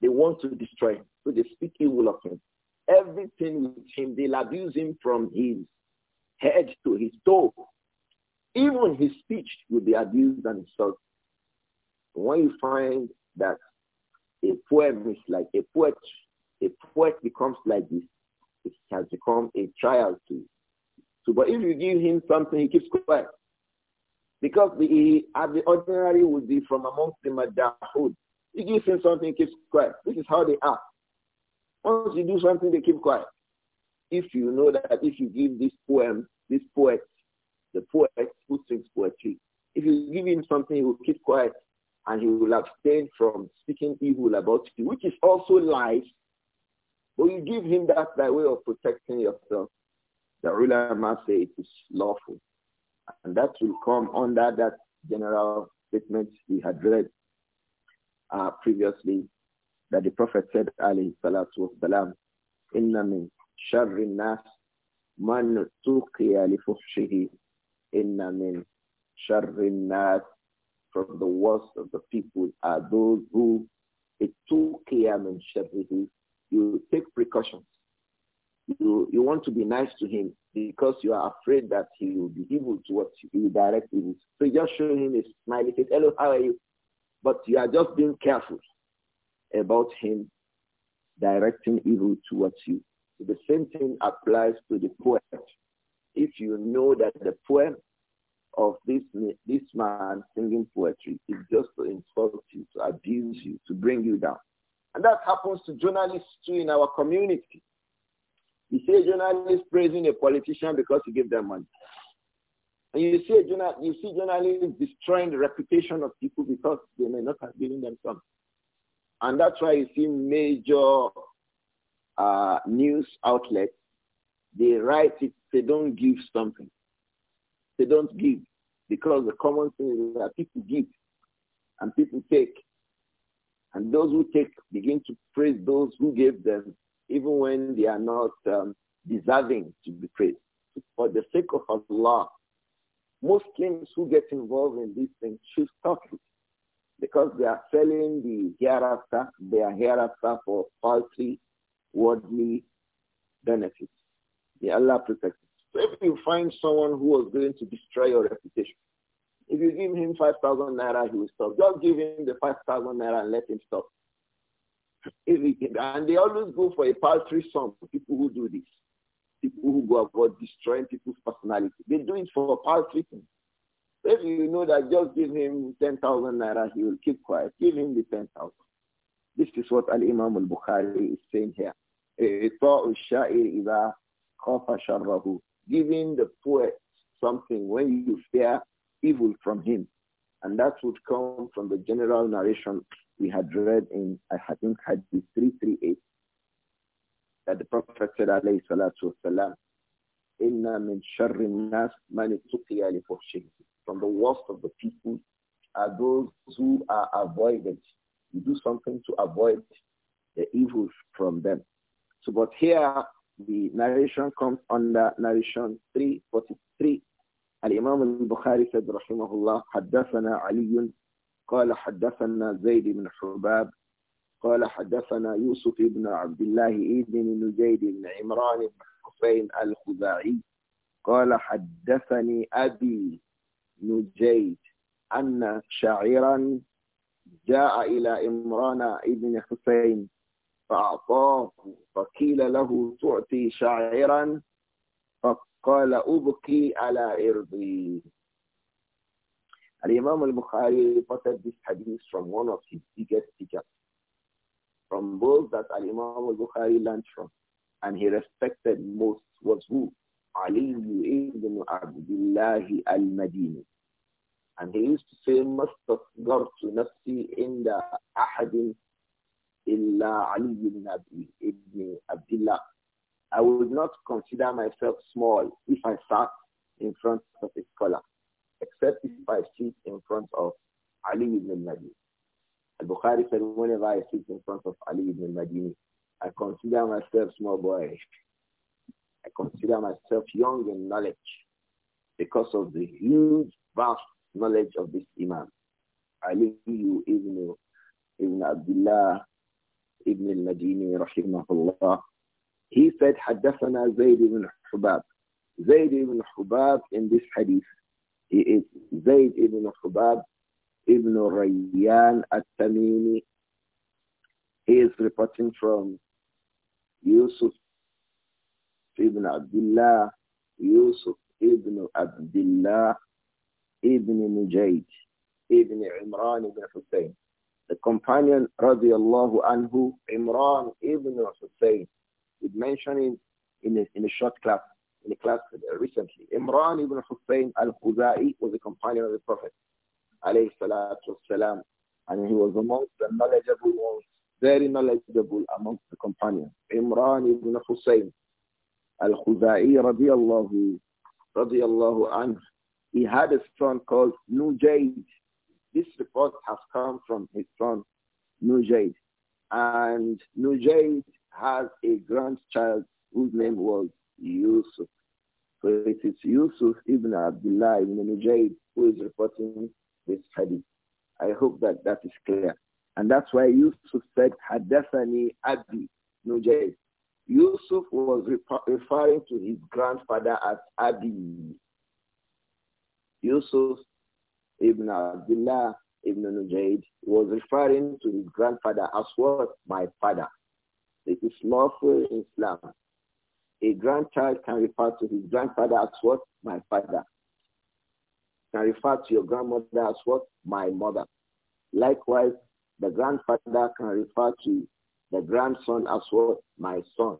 They want to destroy him, so they speak evil of him. Everything with him, they'll abuse him from his head to his toe. Even his speech will be abused and insulted. When you find that a poem is like a poet, a poet becomes like this, it has become a trial to you. So, but if you give him something, he keeps quiet. Because the, the ordinary would be from amongst the madahud. You gives him something, keeps quiet. This is how they are. Once you do something, they keep quiet. If you know that if you give this poem, this poet, the poet who sings poetry, if you give him something, he will keep quiet and he will abstain from speaking evil about you, which is also lies. But you give him that by way of protecting yourself. The ulama say it is lawful. And that will come under that general statement we had read uh, previously that the Prophet said, alayhi salatu wasalam, inna min sharri nas man tuqiya li fuhshihi, inna min sharri nas from the worst of the people are those who it took care and sharrihi. You take precautions you, you want to be nice to him because you are afraid that he will be evil to what he will direct evil. So you just show him a smiley face, hello, how are you? But you are just being careful about him directing evil towards you. So the same thing applies to the poet. If you know that the poem of this, this man singing poetry is just to insult you, to abuse you, to bring you down. And that happens to journalists too in our community. You see a journalist praising a politician because he gave them money. And you see, journal, you see journalists destroying the reputation of people because they may not have given them some. And that's why you see major uh, news outlets, they write it, they don't give something. They don't give because the common thing is that people give and people take. And those who take begin to praise those who gave them even when they are not um, deserving to be praised. For the sake of Allah, Muslims who get involved in these things should stop it because they are selling the hereafter, their hereafter for paltry, worldly benefits. May Allah protect you. So if you find someone who is going to destroy your reputation, if you give him 5,000 naira, he will stop. Just give him the 5,000 naira and let him stop. And they always go for a paltry sum, people who do this. People who go about destroying people's personality. They do it for paltry things. If you know that just give him 10,000 naira, he will keep quiet. Give him the 10,000. This is what Al-Imam al-Bukhari is saying here. Giving the poet something when you fear evil from him. And that would come from the general narration we had read in, I think, Hadith 338, that the Prophet said, alayhi salatu wasalam, Inna min sharri nas man From the worst of the people are those who are avoided. You do something to avoid the evils from them. So, but here the narration comes under narration 343. Al-Imam al-Bukhari said, رحمه الله, حدثنا علي قال حدثنا زيد بن حباب قال حدثنا يوسف بن عبد الله بن نجيد بن عمران بن حسين الخزاعي قال حدثني أبي نجيد أن شاعرا جاء إلى إمران بن حسين فأعطاه فقيل له تعطي شاعرا فقال أبكي على إرضي Al-Imam al-Bukhari reported this hadith from one of his biggest teachers, from those that Al-Imam al-Bukhari learned from, and he respected most was who? Ali ibn Abdullah al-Madini. And he used to say, مَسْتَصْغَرْتُ نَفْسِي عِنْدَ أَحَدٍ إِلَّا عَلِيٍّ ibn Abdullah. I would not consider myself small if I sat in front of a scholar except if I sit in front of Ali ibn al-Madini. Al-Bukhari said, whenever I sit in front of Ali ibn al-Madini, I consider myself small boy. I consider myself young in knowledge because of the huge, vast knowledge of this Imam. Ali ibn, ibn Abdullah ibn al-Madini, rahimahullah. He said, حدثنا زيد بن حباب. Zayd ibn Hubab in this hadith he is Zayd ibn Khubab ibn Rayyan at-Tamimi. He is reporting from Yusuf ibn Abdullah, Yusuf ibn Abdullah ibn Mujayd ibn Imran ibn Hussein. The companion radiallahu anhu, Imran ibn Hussein, we mentioned him in a, in a short class in the class uh, recently. Imran ibn Hussein al-Khuzai was a companion of the Prophet, alayhi and he was amongst the knowledgeable ones, very knowledgeable amongst the companions. Imran ibn Hussein al-Khuzai radiallahu, radiallahu anhu. He had a son called Nujayd. This report has come from his son, Nujayd. And Nujayd has a grandchild whose name was Yusuf it is Yusuf ibn Abdullah ibn Mujayd who is reporting this hadith. I hope that that is clear. And that's why Yusuf said, Hadassani Abi Mujayd. Yusuf was referring to his grandfather as Abi. Yusuf ibn Abdullah ibn Nujaid was referring to his grandfather as what? My father. It is lawful in Islam a grandchild can refer to his grandfather as what? My father. Can refer to your grandmother as what? My mother. Likewise, the grandfather can refer to the grandson as what? My son.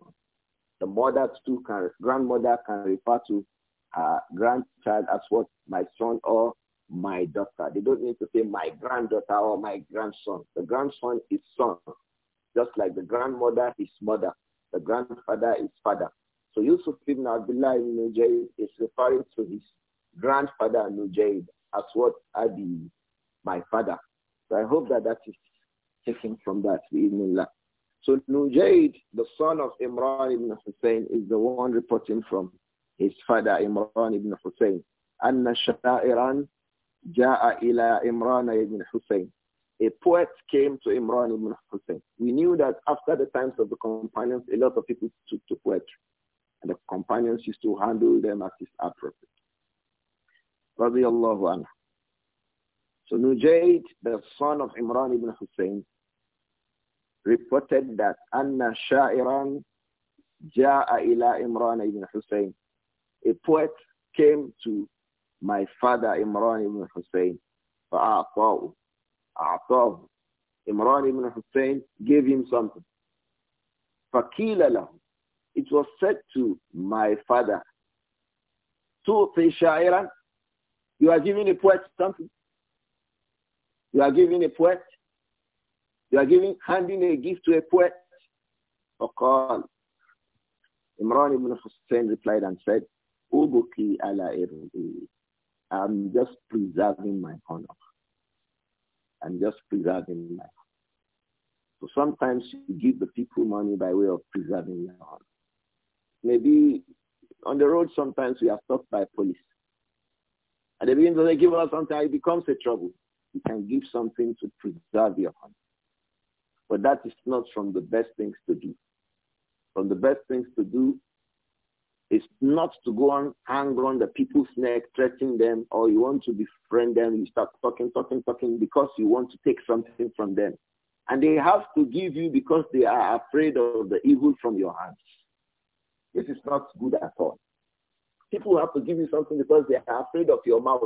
The mother too can, grandmother can refer to her grandchild as what? My son or my daughter. They don't need to say my granddaughter or my grandson. The grandson is son, just like the grandmother is mother, the grandfather is father. So Yusuf ibn Abdullah ibn Nujayd is referring to his grandfather Nujayd as what Abi, my father. So I hope that that is taken from that, So Nujaid, the son of Imran ibn Hussein, is the one reporting from his father Imran ibn Hussein. أن شائرا jaa ila Imran ibn Hussein. A poet came to Imran ibn Hussein. We knew that after the times of the companions, a lot of people took to poetry. And the companions used to handle them as is appropriate. Radiallahu anhu. So Nujayd, the son of Imran ibn Hussein, reported that Anna Sha'iran Ja'a ila Imran ibn Hussein. A poet came to my father Imran ibn Hussein. فأعطاه أعطاه Imran ibn Hussein gave him something. فكيل له it was said to my father, Tu'ti sha'iran. You are giving a poet something. You are giving a poet. You are giving, handing a gift to a poet. فقال Imran ibn Hussein replied and said, Ubuki ala I'm just preserving my honor. I'm just preserving my honor. So sometimes you give the people money by way of preserving your honor. Maybe on the road sometimes we are stopped by police. At the beginning they give us something, it becomes a trouble. You can give something to preserve your honor. But that is not from the best things to do. From the best things to do is not to go and hang around the people's neck, threatening them, or you want to befriend them, you start talking, talking, talking because you want to take something from them. And they have to give you because they are afraid of the evil from your hands. This is not good at all. People have to give you something because they are afraid of your mouth.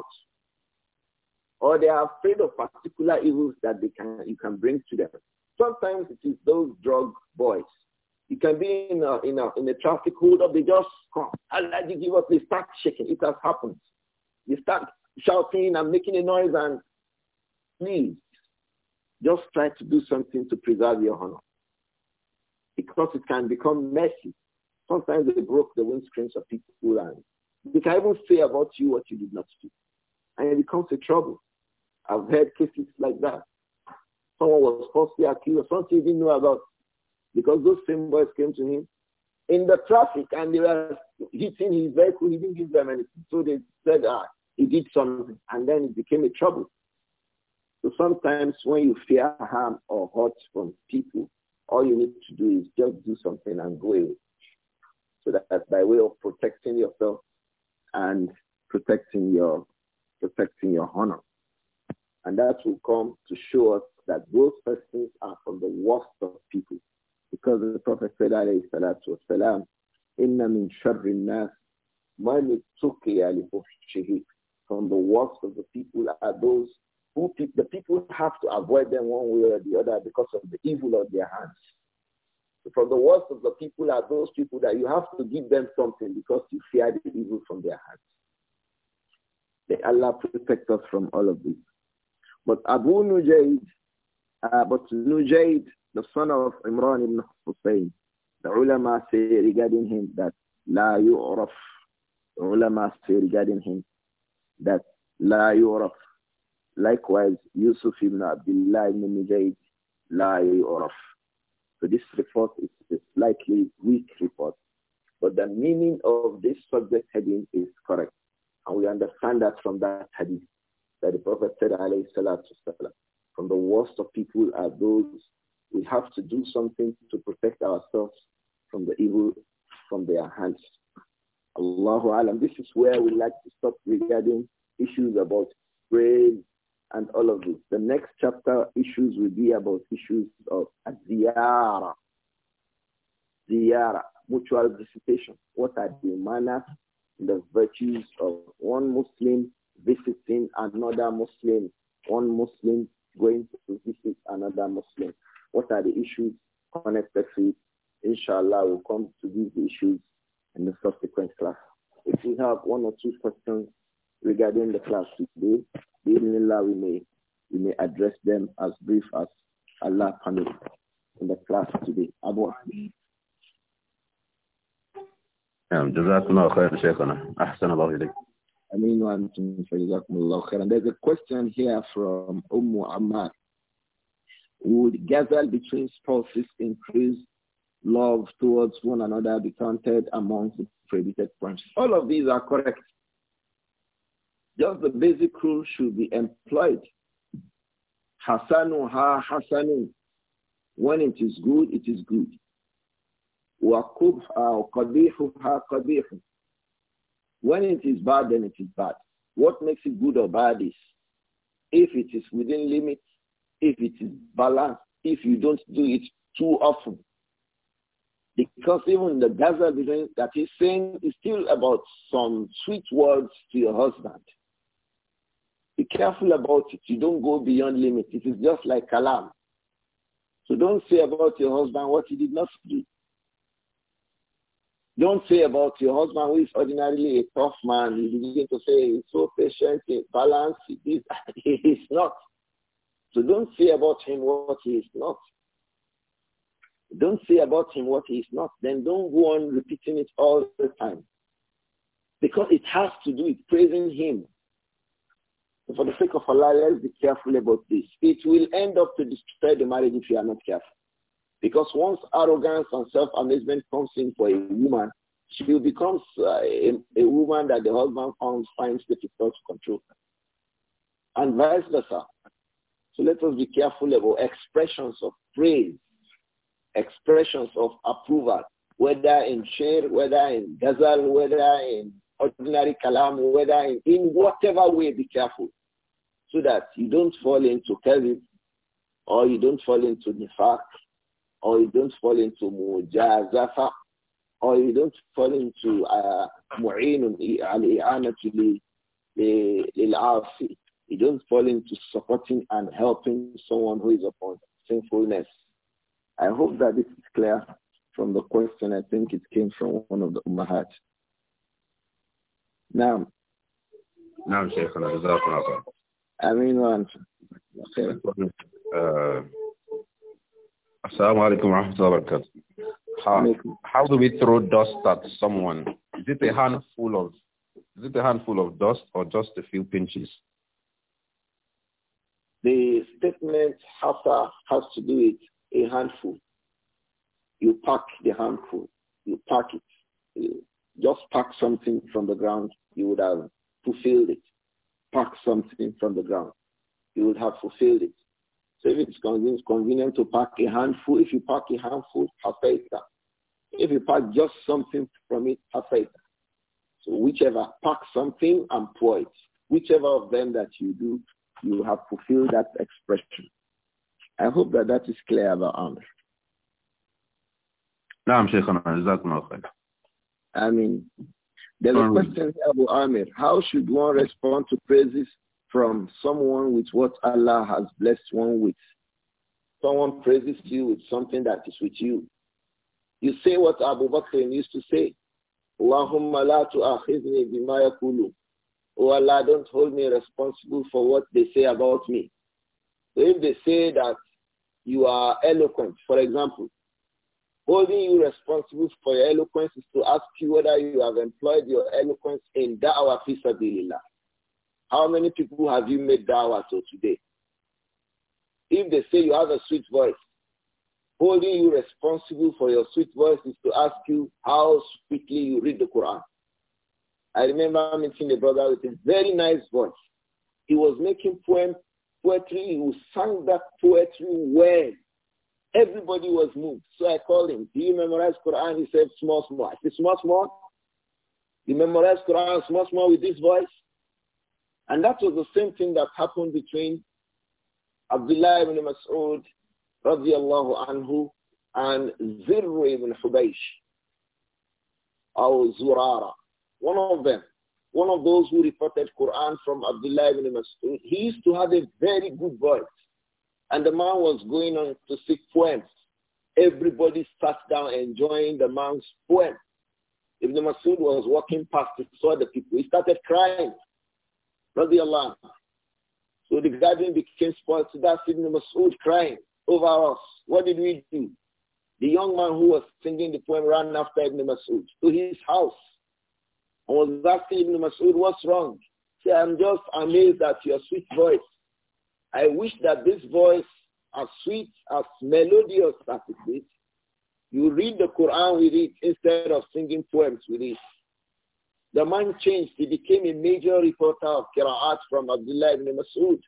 Or they are afraid of particular evils that they can, you can bring to them. Sometimes it is those drug boys. You can be in a, in a, in a traffic holdup. They just come. Allah, you give up. They start shaking. It has happened. They start shouting and making a noise and please, just try to do something to preserve your honor. Because it can become messy. Sometimes they broke the windscreens of people and they can even say about you what you did not do. And it becomes a trouble. I've heard cases like that. Someone was falsely accused of something he didn't know about because those same boys came to him in the traffic and they were hitting his vehicle. He didn't give them anything. So they said ah, he did something and then it became a trouble. So sometimes when you fear harm or hurt from people, all you need to do is just do something and go away so that by way of protecting yourself and protecting your protecting your honor. And that will come to show us that those persons are from the worst of people. Because the Prophet said, alayhi salatu wasalam, inna min sharri nas man From the worst of the people are those who pe the people have to avoid them one way or the other because of the evil of their hands from the worst of the people are those people that you have to give them something because you fear the evil from their hearts. May Allah protect us from all of this. But Abu Nujayd, uh, but Nujayd, the son of Imran ibn Hussein, the ulama say regarding him that la yu'raf. The ulama say regarding him that la yu'raf. Likewise, Yusuf ibn Abdullah ibn Nujayd, la yu'raf. So this report is a slightly weak report, but the meaning of this subject heading is correct. And we understand that from that hadith that the Prophet said, alayhi salatu salam, from the worst of people are those we have to do something to protect ourselves from the evil from their hands. Allahu Alam. This is where we like to stop regarding issues about praise and all of this. The next chapter issues will be about issues of ziyara, ziyara, mutual visitation. What are the manners, the virtues of one Muslim visiting another Muslim, one Muslim going to visit another Muslim. What are the issues connected to it? Inshallah, we'll come to these issues in the subsequent class. If we have one or two questions regarding the class today, Bismillah, we may, we may address them as brief as Allah permits in the class today. Abu جزاكم There's a question here from Ummu Ammar Would gather between spouses increase love towards one another be counted amongst the prohibited points. All of these are correct just the basic rule should be employed. Hasanu ha hasanu. When it is good, it is good. When it is bad, then it is bad. What makes it good or bad is if it is within limits, if it is balanced, if you don't do it too often. Because even the Gaza that he's saying is still about some sweet words to your husband. Be careful about it. You don't go beyond limits. It is just like alarm. So don't say about your husband what he did not do. Don't say about your husband who is ordinarily a tough man. You begin to say he's so patient, he's balanced, he is not. So don't say about him what he is not. Don't say about him what he is not. Then don't go on repeating it all the time. Because it has to do with praising him. So for the sake of Allah, let's be careful about this. It will end up to destroy the marriage if you are not careful. Because once arrogance and self-amazement comes in for a woman, she becomes uh, a, a, woman that the husband finds, finds difficult to control. And vice versa. So let us be careful about expressions of praise, expressions of approval, whether in share, whether in ghazal, whether in ordinary kalam, whether in, in whatever way, be careful so that you don't fall into kadhib or you don't fall into nifak, or you don't fall into mujazafa or you don't fall into uh, mu'inun al-i'anatu lil-'asi you don't fall into supporting and helping someone who is upon sinfulness. I hope that this is clear from the question. I think it came from one of the Ummahat. Now. Now, Shaykh, امين وانت بخير Assalamu alaikum wa rahmatullahi wa barakatuh. How do we throw dust at someone? Is it a handful of is it a handful of dust or just a few pinches? The statement after has to do with a handful. You pack the handful. You pack it. You just pack something from the ground. You would have fulfilled it pack something from the ground. you would have fulfilled it. So if it's convenient, convenient to pack a handful, if you pack a handful, hafaita. If you pack just something from it, hafaita. So whichever, pack something and pour it. Whichever of them that you do, you have fulfilled that expression. I hope that that is clear about Amr. I mean, there's a question here, Abu Amir. How should one respond to praises from someone with what Allah has blessed one with? Someone praises you with something that is with you. You say what Abu Bakr used to say, Allahumma la tu'akhizni bima yakulu. Oh Allah, don't hold me responsible for what they say about me. So if they say that you are eloquent, for example, Holding you responsible for your eloquence is to ask you whether you have employed your eloquence in da'wah fi sabilillah. How many people have you made da'wah to today? If they say you have a sweet voice, holding you responsible for your sweet voice is to ask you how sweetly you read the Quran. I remember meeting a brother with a very nice voice. He was making poem, poetry. He sang that poetry well. Everybody was moved. So I called him, do you memorize Quran? He said, small, small. I said, small, small? You memorize Quran small, small with this voice? And that was the same thing that happened between Abdullah ibn Mas'ud radiallahu anhu and Zirr ibn Hubaysh or Zurara. One of them, one of those who reported Quran from Abdullah ibn Mas'ud, he used to have a very good voice. And the man was going on to sing poems. Everybody sat down enjoying the man's poem. Ibn Masud was walking past, he saw the people. He started crying. Allah. So the garden became spoiled. So that's Ibn Masud crying over us. What did we do? The young man who was singing the poem ran after Ibn Masud to his house and was asking Ibn Masud, what's wrong? He said, I'm just amazed at your sweet voice. I wish that this voice, as sweet, as melodious as it is, you read the Quran with it instead of singing poems with it. The man changed. He became a major reporter of Qira'at from Abdullah ibn Mas'ud.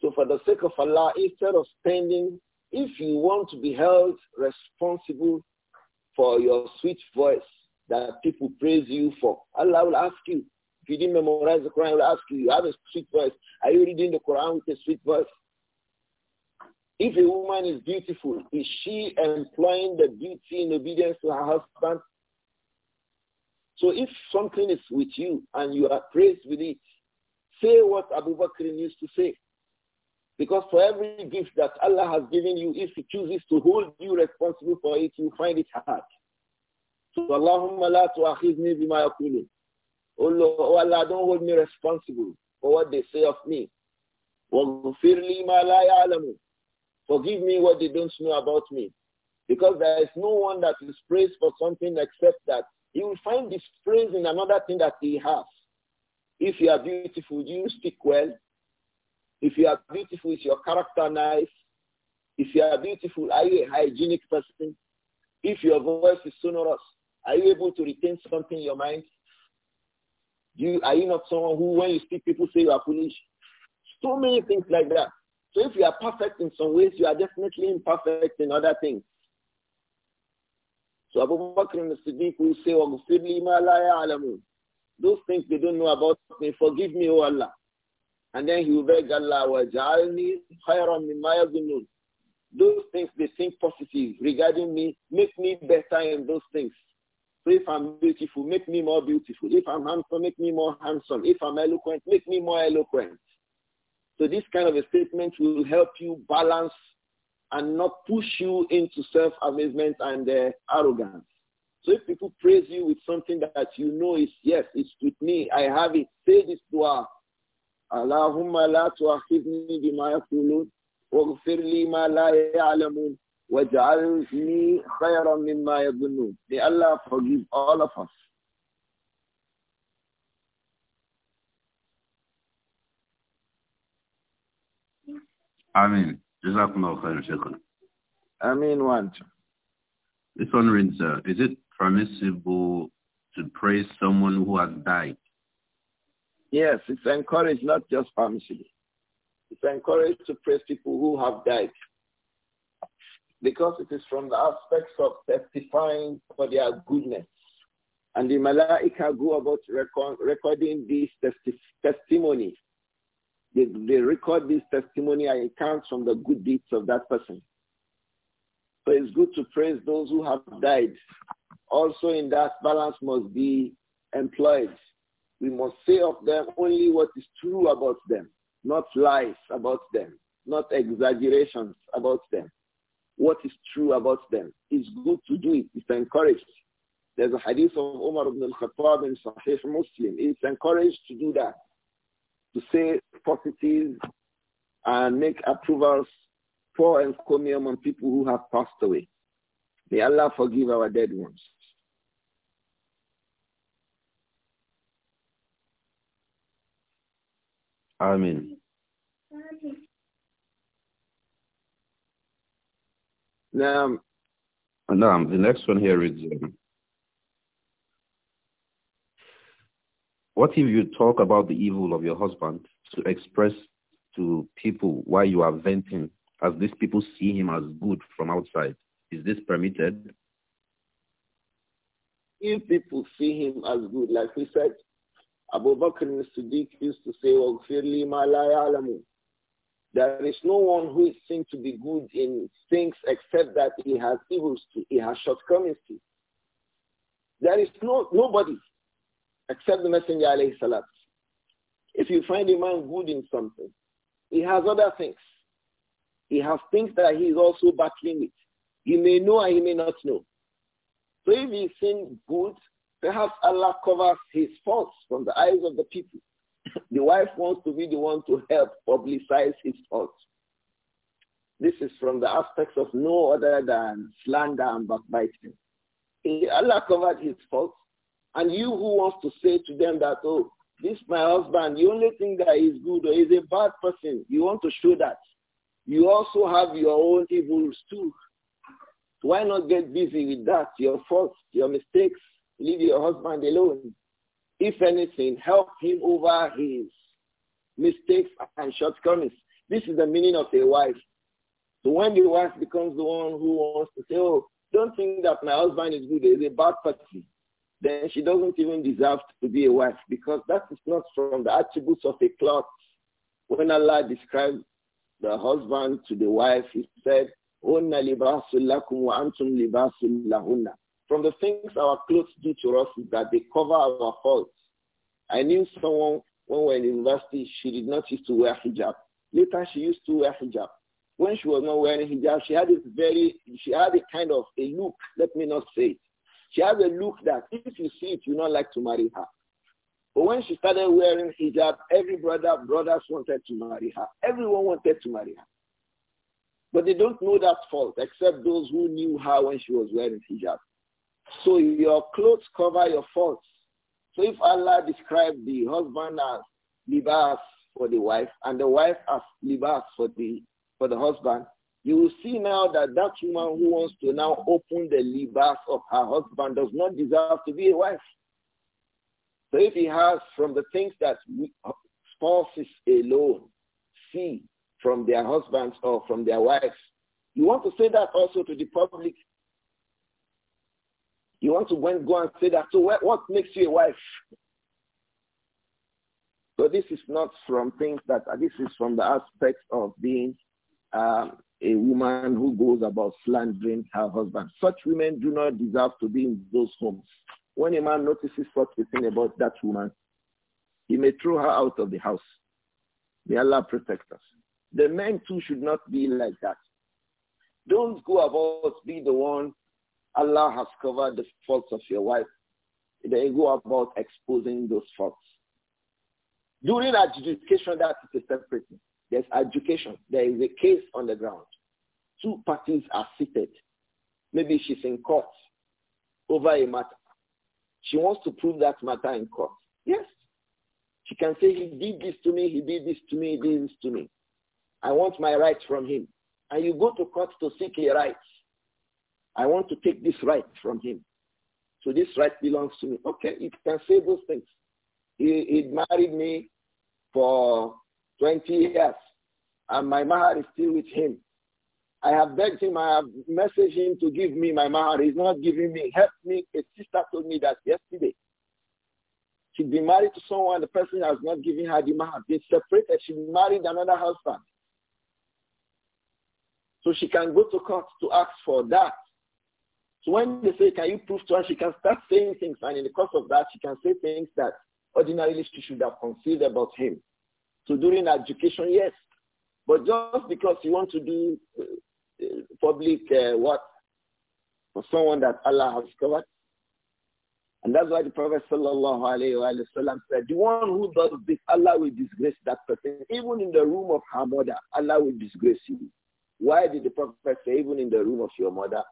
So for the sake of Allah, instead of spending, if you want to be held responsible for your sweet voice that people praise you for, Allah will ask you, if you didn't memorize the Quran, I will ask you, you have a sweet voice. Are you reading the Quran with a sweet voice? If a woman is beautiful, is she employing the beauty in obedience to her husband? So if something is with you and you are praised with it, say what Abu Bakr used to say. Because for every gift that Allah has given you, if he chooses to hold you responsible for it, you find it hard. So Allahumma la tu'akhidni bima yakulun. Oh, Lord, oh Allah, don't hold me responsible for what they say of me. Forgive me what they don't know about me. Because there is no one that is praised for something except that he will find this praise in another thing that he has. If you are beautiful, you speak well. If you are beautiful, is your character nice? If you are beautiful, are you a hygienic person? If your voice is sonorous, are you able to retain something in your mind? You, are you not someone who, when you speak, people say you are foolish? So many things like that. So if you are perfect in some ways, you are definitely imperfect in other things. So Abu Bakr and Siddiq will say, Those things they don't know about me, forgive me, O Allah. And then he will beg Allah, وَجَعَلْنِي خَيْرًا مِمَّا يَظُنُّونَ Those things they think positive regarding me, make me better in those things. So if I'm beautiful, make me more beautiful. If I'm handsome, make me more handsome. If I'm eloquent, make me more eloquent. So this kind of a statement will help you balance and not push you into self-amazement and uh, arrogance. So if people praise you with something that you know is, yes, it's with me, I have it, say this dua. Allahumma la tu'akhidni bima yakulun, waghfir li ma la ya'lamun. وَاجْعَلْنِي خَيْرًا مِمَّا يَظُنُّونَ May Allah forgive all of us. Amen. Jazakumullah Amen, one. This one reads, uh, is it permissible to praise someone who has died? Yes, it's encouraged, not just permissible. It's encouraged to praise people who have died because it is from the aspects of testifying for their goodness. And the Malaika go about record, recording these testi testimonies. They, they record these testimony and it comes from the good deeds of that person. So it's good to praise those who have died. Also in that balance must be employed. We must say of them only what is true about them, not lies about them, not exaggerations about them what is true about them. It's good to do it. It's encouraged. There's a hadith of Umar ibn al-Khattab in Sahih Muslim. It's encouraged to do that, to say positive and make approvals for encomium on people who have passed away. May Allah forgive our dead ones. Amen. Now, um, the next one here is, um, what if you talk about the evil of your husband to express to people why you are venting, as these people see him as good from outside? Is this permitted? If people see him as good, like we said, Abu Bakr al-Siddiq used to say, there is no one who is seen to be good in things except that he has evils he has shortcomings There is no nobody except the Messenger alayhi salat. If you find a man good in something, he has other things. He has things that he is also battling with. He may know and he may not know. So if he is seen good, perhaps Allah covers his faults from the eyes of the people the wife wants to be the one to help publicize his faults. This is from the aspects of no other than slander and backbiting. Allah covered his faults. And you who wants to say to them that, oh, this my husband, the only thing that is good or is a bad person, you want to show that. You also have your own evils too. Why not get busy with that, your faults, your mistakes? Leave your husband alone. If anything, help him over his mistakes and shortcomings. This is the meaning of a wife. So when the wife becomes the one who wants to say, oh, don't think that my husband is good, he's a bad person, then she doesn't even deserve to be a wife because that is not from the attributes of a cloth. When Allah described the husband to the wife, he said, wa antum from the things our clothes do to us is that they cover our faults. I knew someone when we were in university, she did not used to wear hijab. Later she used to wear hijab. When she was not wearing hijab, she had this very, she had a kind of a look, let me not say it. She had a look that if you see it, you not like to marry her. But when she started wearing hijab, every brother, brothers wanted to marry her. Everyone wanted to marry her. But they don't know that fault except those who knew her when she was wearing hijab. So your clothes cover your faults. So if Allah described the husband as libas for the wife and the wife as libas for the for the husband, you will see now that that woman who wants to now open the libas of her husband does not deserve to be a wife. So if he has from the things that we, spouses alone see from their husbands or from their wives, you want to say that also to the public you want to go and say that. So what makes you a wife? So this is not from things that, this is from the aspect of being um, a woman who goes about slandering her husband. Such women do not deserve to be in those homes. When a man notices what a thing about that woman, he may throw her out of the house. May Allah protect us. The men too should not be like that. Don't go about be the one Allah has covered the faults of your wife. They go about exposing those faults. During adjudication, that is a separate thing. There's education. There is a case on the ground. Two parties are seated. Maybe she's in court over a matter. She wants to prove that matter in court. Yes. She can say, he did this to me, he did this to me, he did this to me. I want my rights from him. And you go to court to seek your rights. I want to take this right from him. So this right belongs to me. Okay, you can say those things. He, he married me for 20 years and my mahar is still with him. I have begged him, I have messaged him to give me my mahar. He's not giving me. Help me. A sister told me that yesterday. She'd been married to someone, the person has not given her the mahar. They separated. She married another husband. So she can go to court to ask for that. So when they say, can you prove to her, she can start saying things. And in the course of that, she can say things that ordinarily she should have concealed about him. So during education, yes. But just because you want to do uh, uh, public uh, what? For someone that Allah has covered. And that's why the Prophet sallallahu alayhi wa, said, the one who does this, Allah will disgrace that person. Even in the room of her mother, Allah will disgrace you. Why did the Prophet say, even in the room of your mother,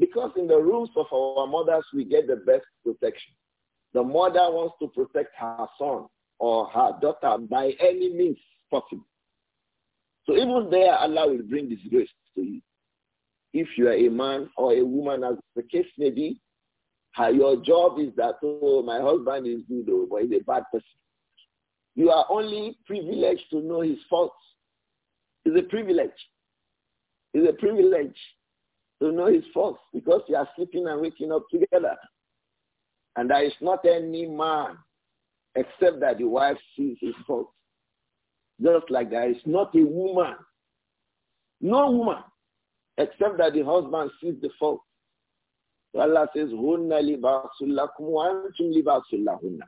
because in the rooms of our mothers, we get the best protection. The mother wants to protect her son or her daughter by any means possible. So even there, Allah will bring disgrace to you. If you are a man or a woman, as the case may be, your job is that, oh, my husband is good, oh, but he's a bad person. You are only privileged to know his faults. It's a privilege. It's a privilege to know his faults because you are sleeping and waking up together. And there is not any man except that the wife sees his faults. Just like there is not a woman, no woman, except that the husband sees the fault. So Allah says, Hunna libasullakum wa antum libasullahunna.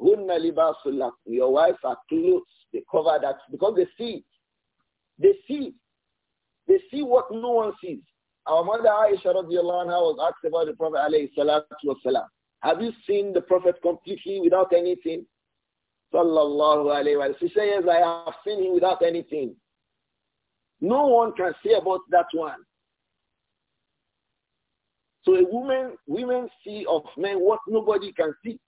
Hunna libasullakum. Your wives are clothes. They cover that because they see They see They see what no one sees. Our mother Aisha anha was asked about the Prophet alayhi salatu wasalam. Have you seen the Prophet completely without anything? Sallallahu alayhi wa She says, yes, I have seen him without anything. No one can say about that one. So a woman, women see of men what nobody can see.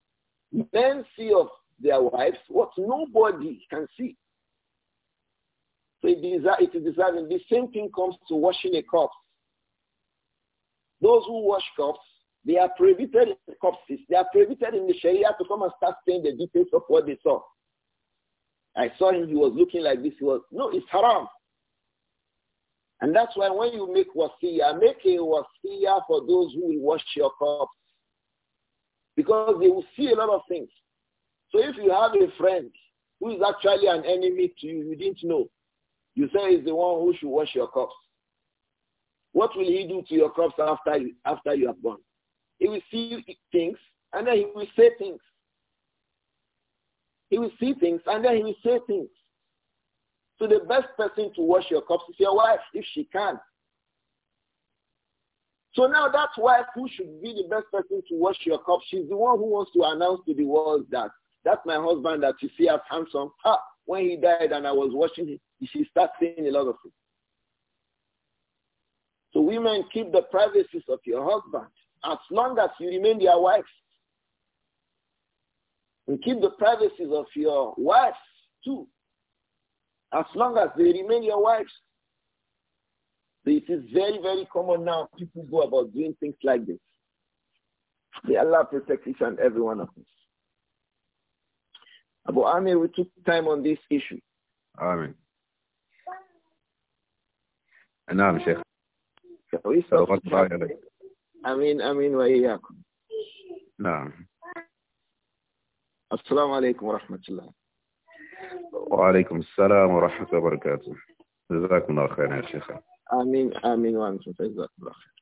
Men see of their wives what nobody can see. So it is, deserving. The same thing comes to washing a corpse. Those who wash cups, they are prohibited in corpses. They are prohibited in the Sharia to come and start saying the details of what they saw. I saw him, he was looking like this. He was, no, it's haram. And that's why when you make wasiya, make a wasiya for those who will wash your cups. Because they will see a lot of things. So if you have a friend who is actually an enemy to you, you didn't know, you say is the one who should wash your cups. What will he do to your crops after you, after you are born? He will see things and then he will say things. He will see things and then he will say things. So the best person to wash your cups is your wife, if she can. So now that wife who should be the best person to wash your cups, she's the one who wants to announce to the world that that's my husband that you see as handsome. Ha! When he died and I was watching him, she starts saying a lot of things women, keep the privacies of your husband as long as you remain their wives. And keep the privacies of your wives too, as long as they remain your wives. This it is very, very common now. People go about doing things like this. May Allah protect each and every one of us. Abu Amir, we took time on this issue. Amen. And now, Sheikh. امين امين واياكم نعم السلام عليكم ورحمه الله وعليكم السلام ورحمه الله وبركاته جزاكم الله خير يا شيخ امين امين وانتم جزاكم الله خير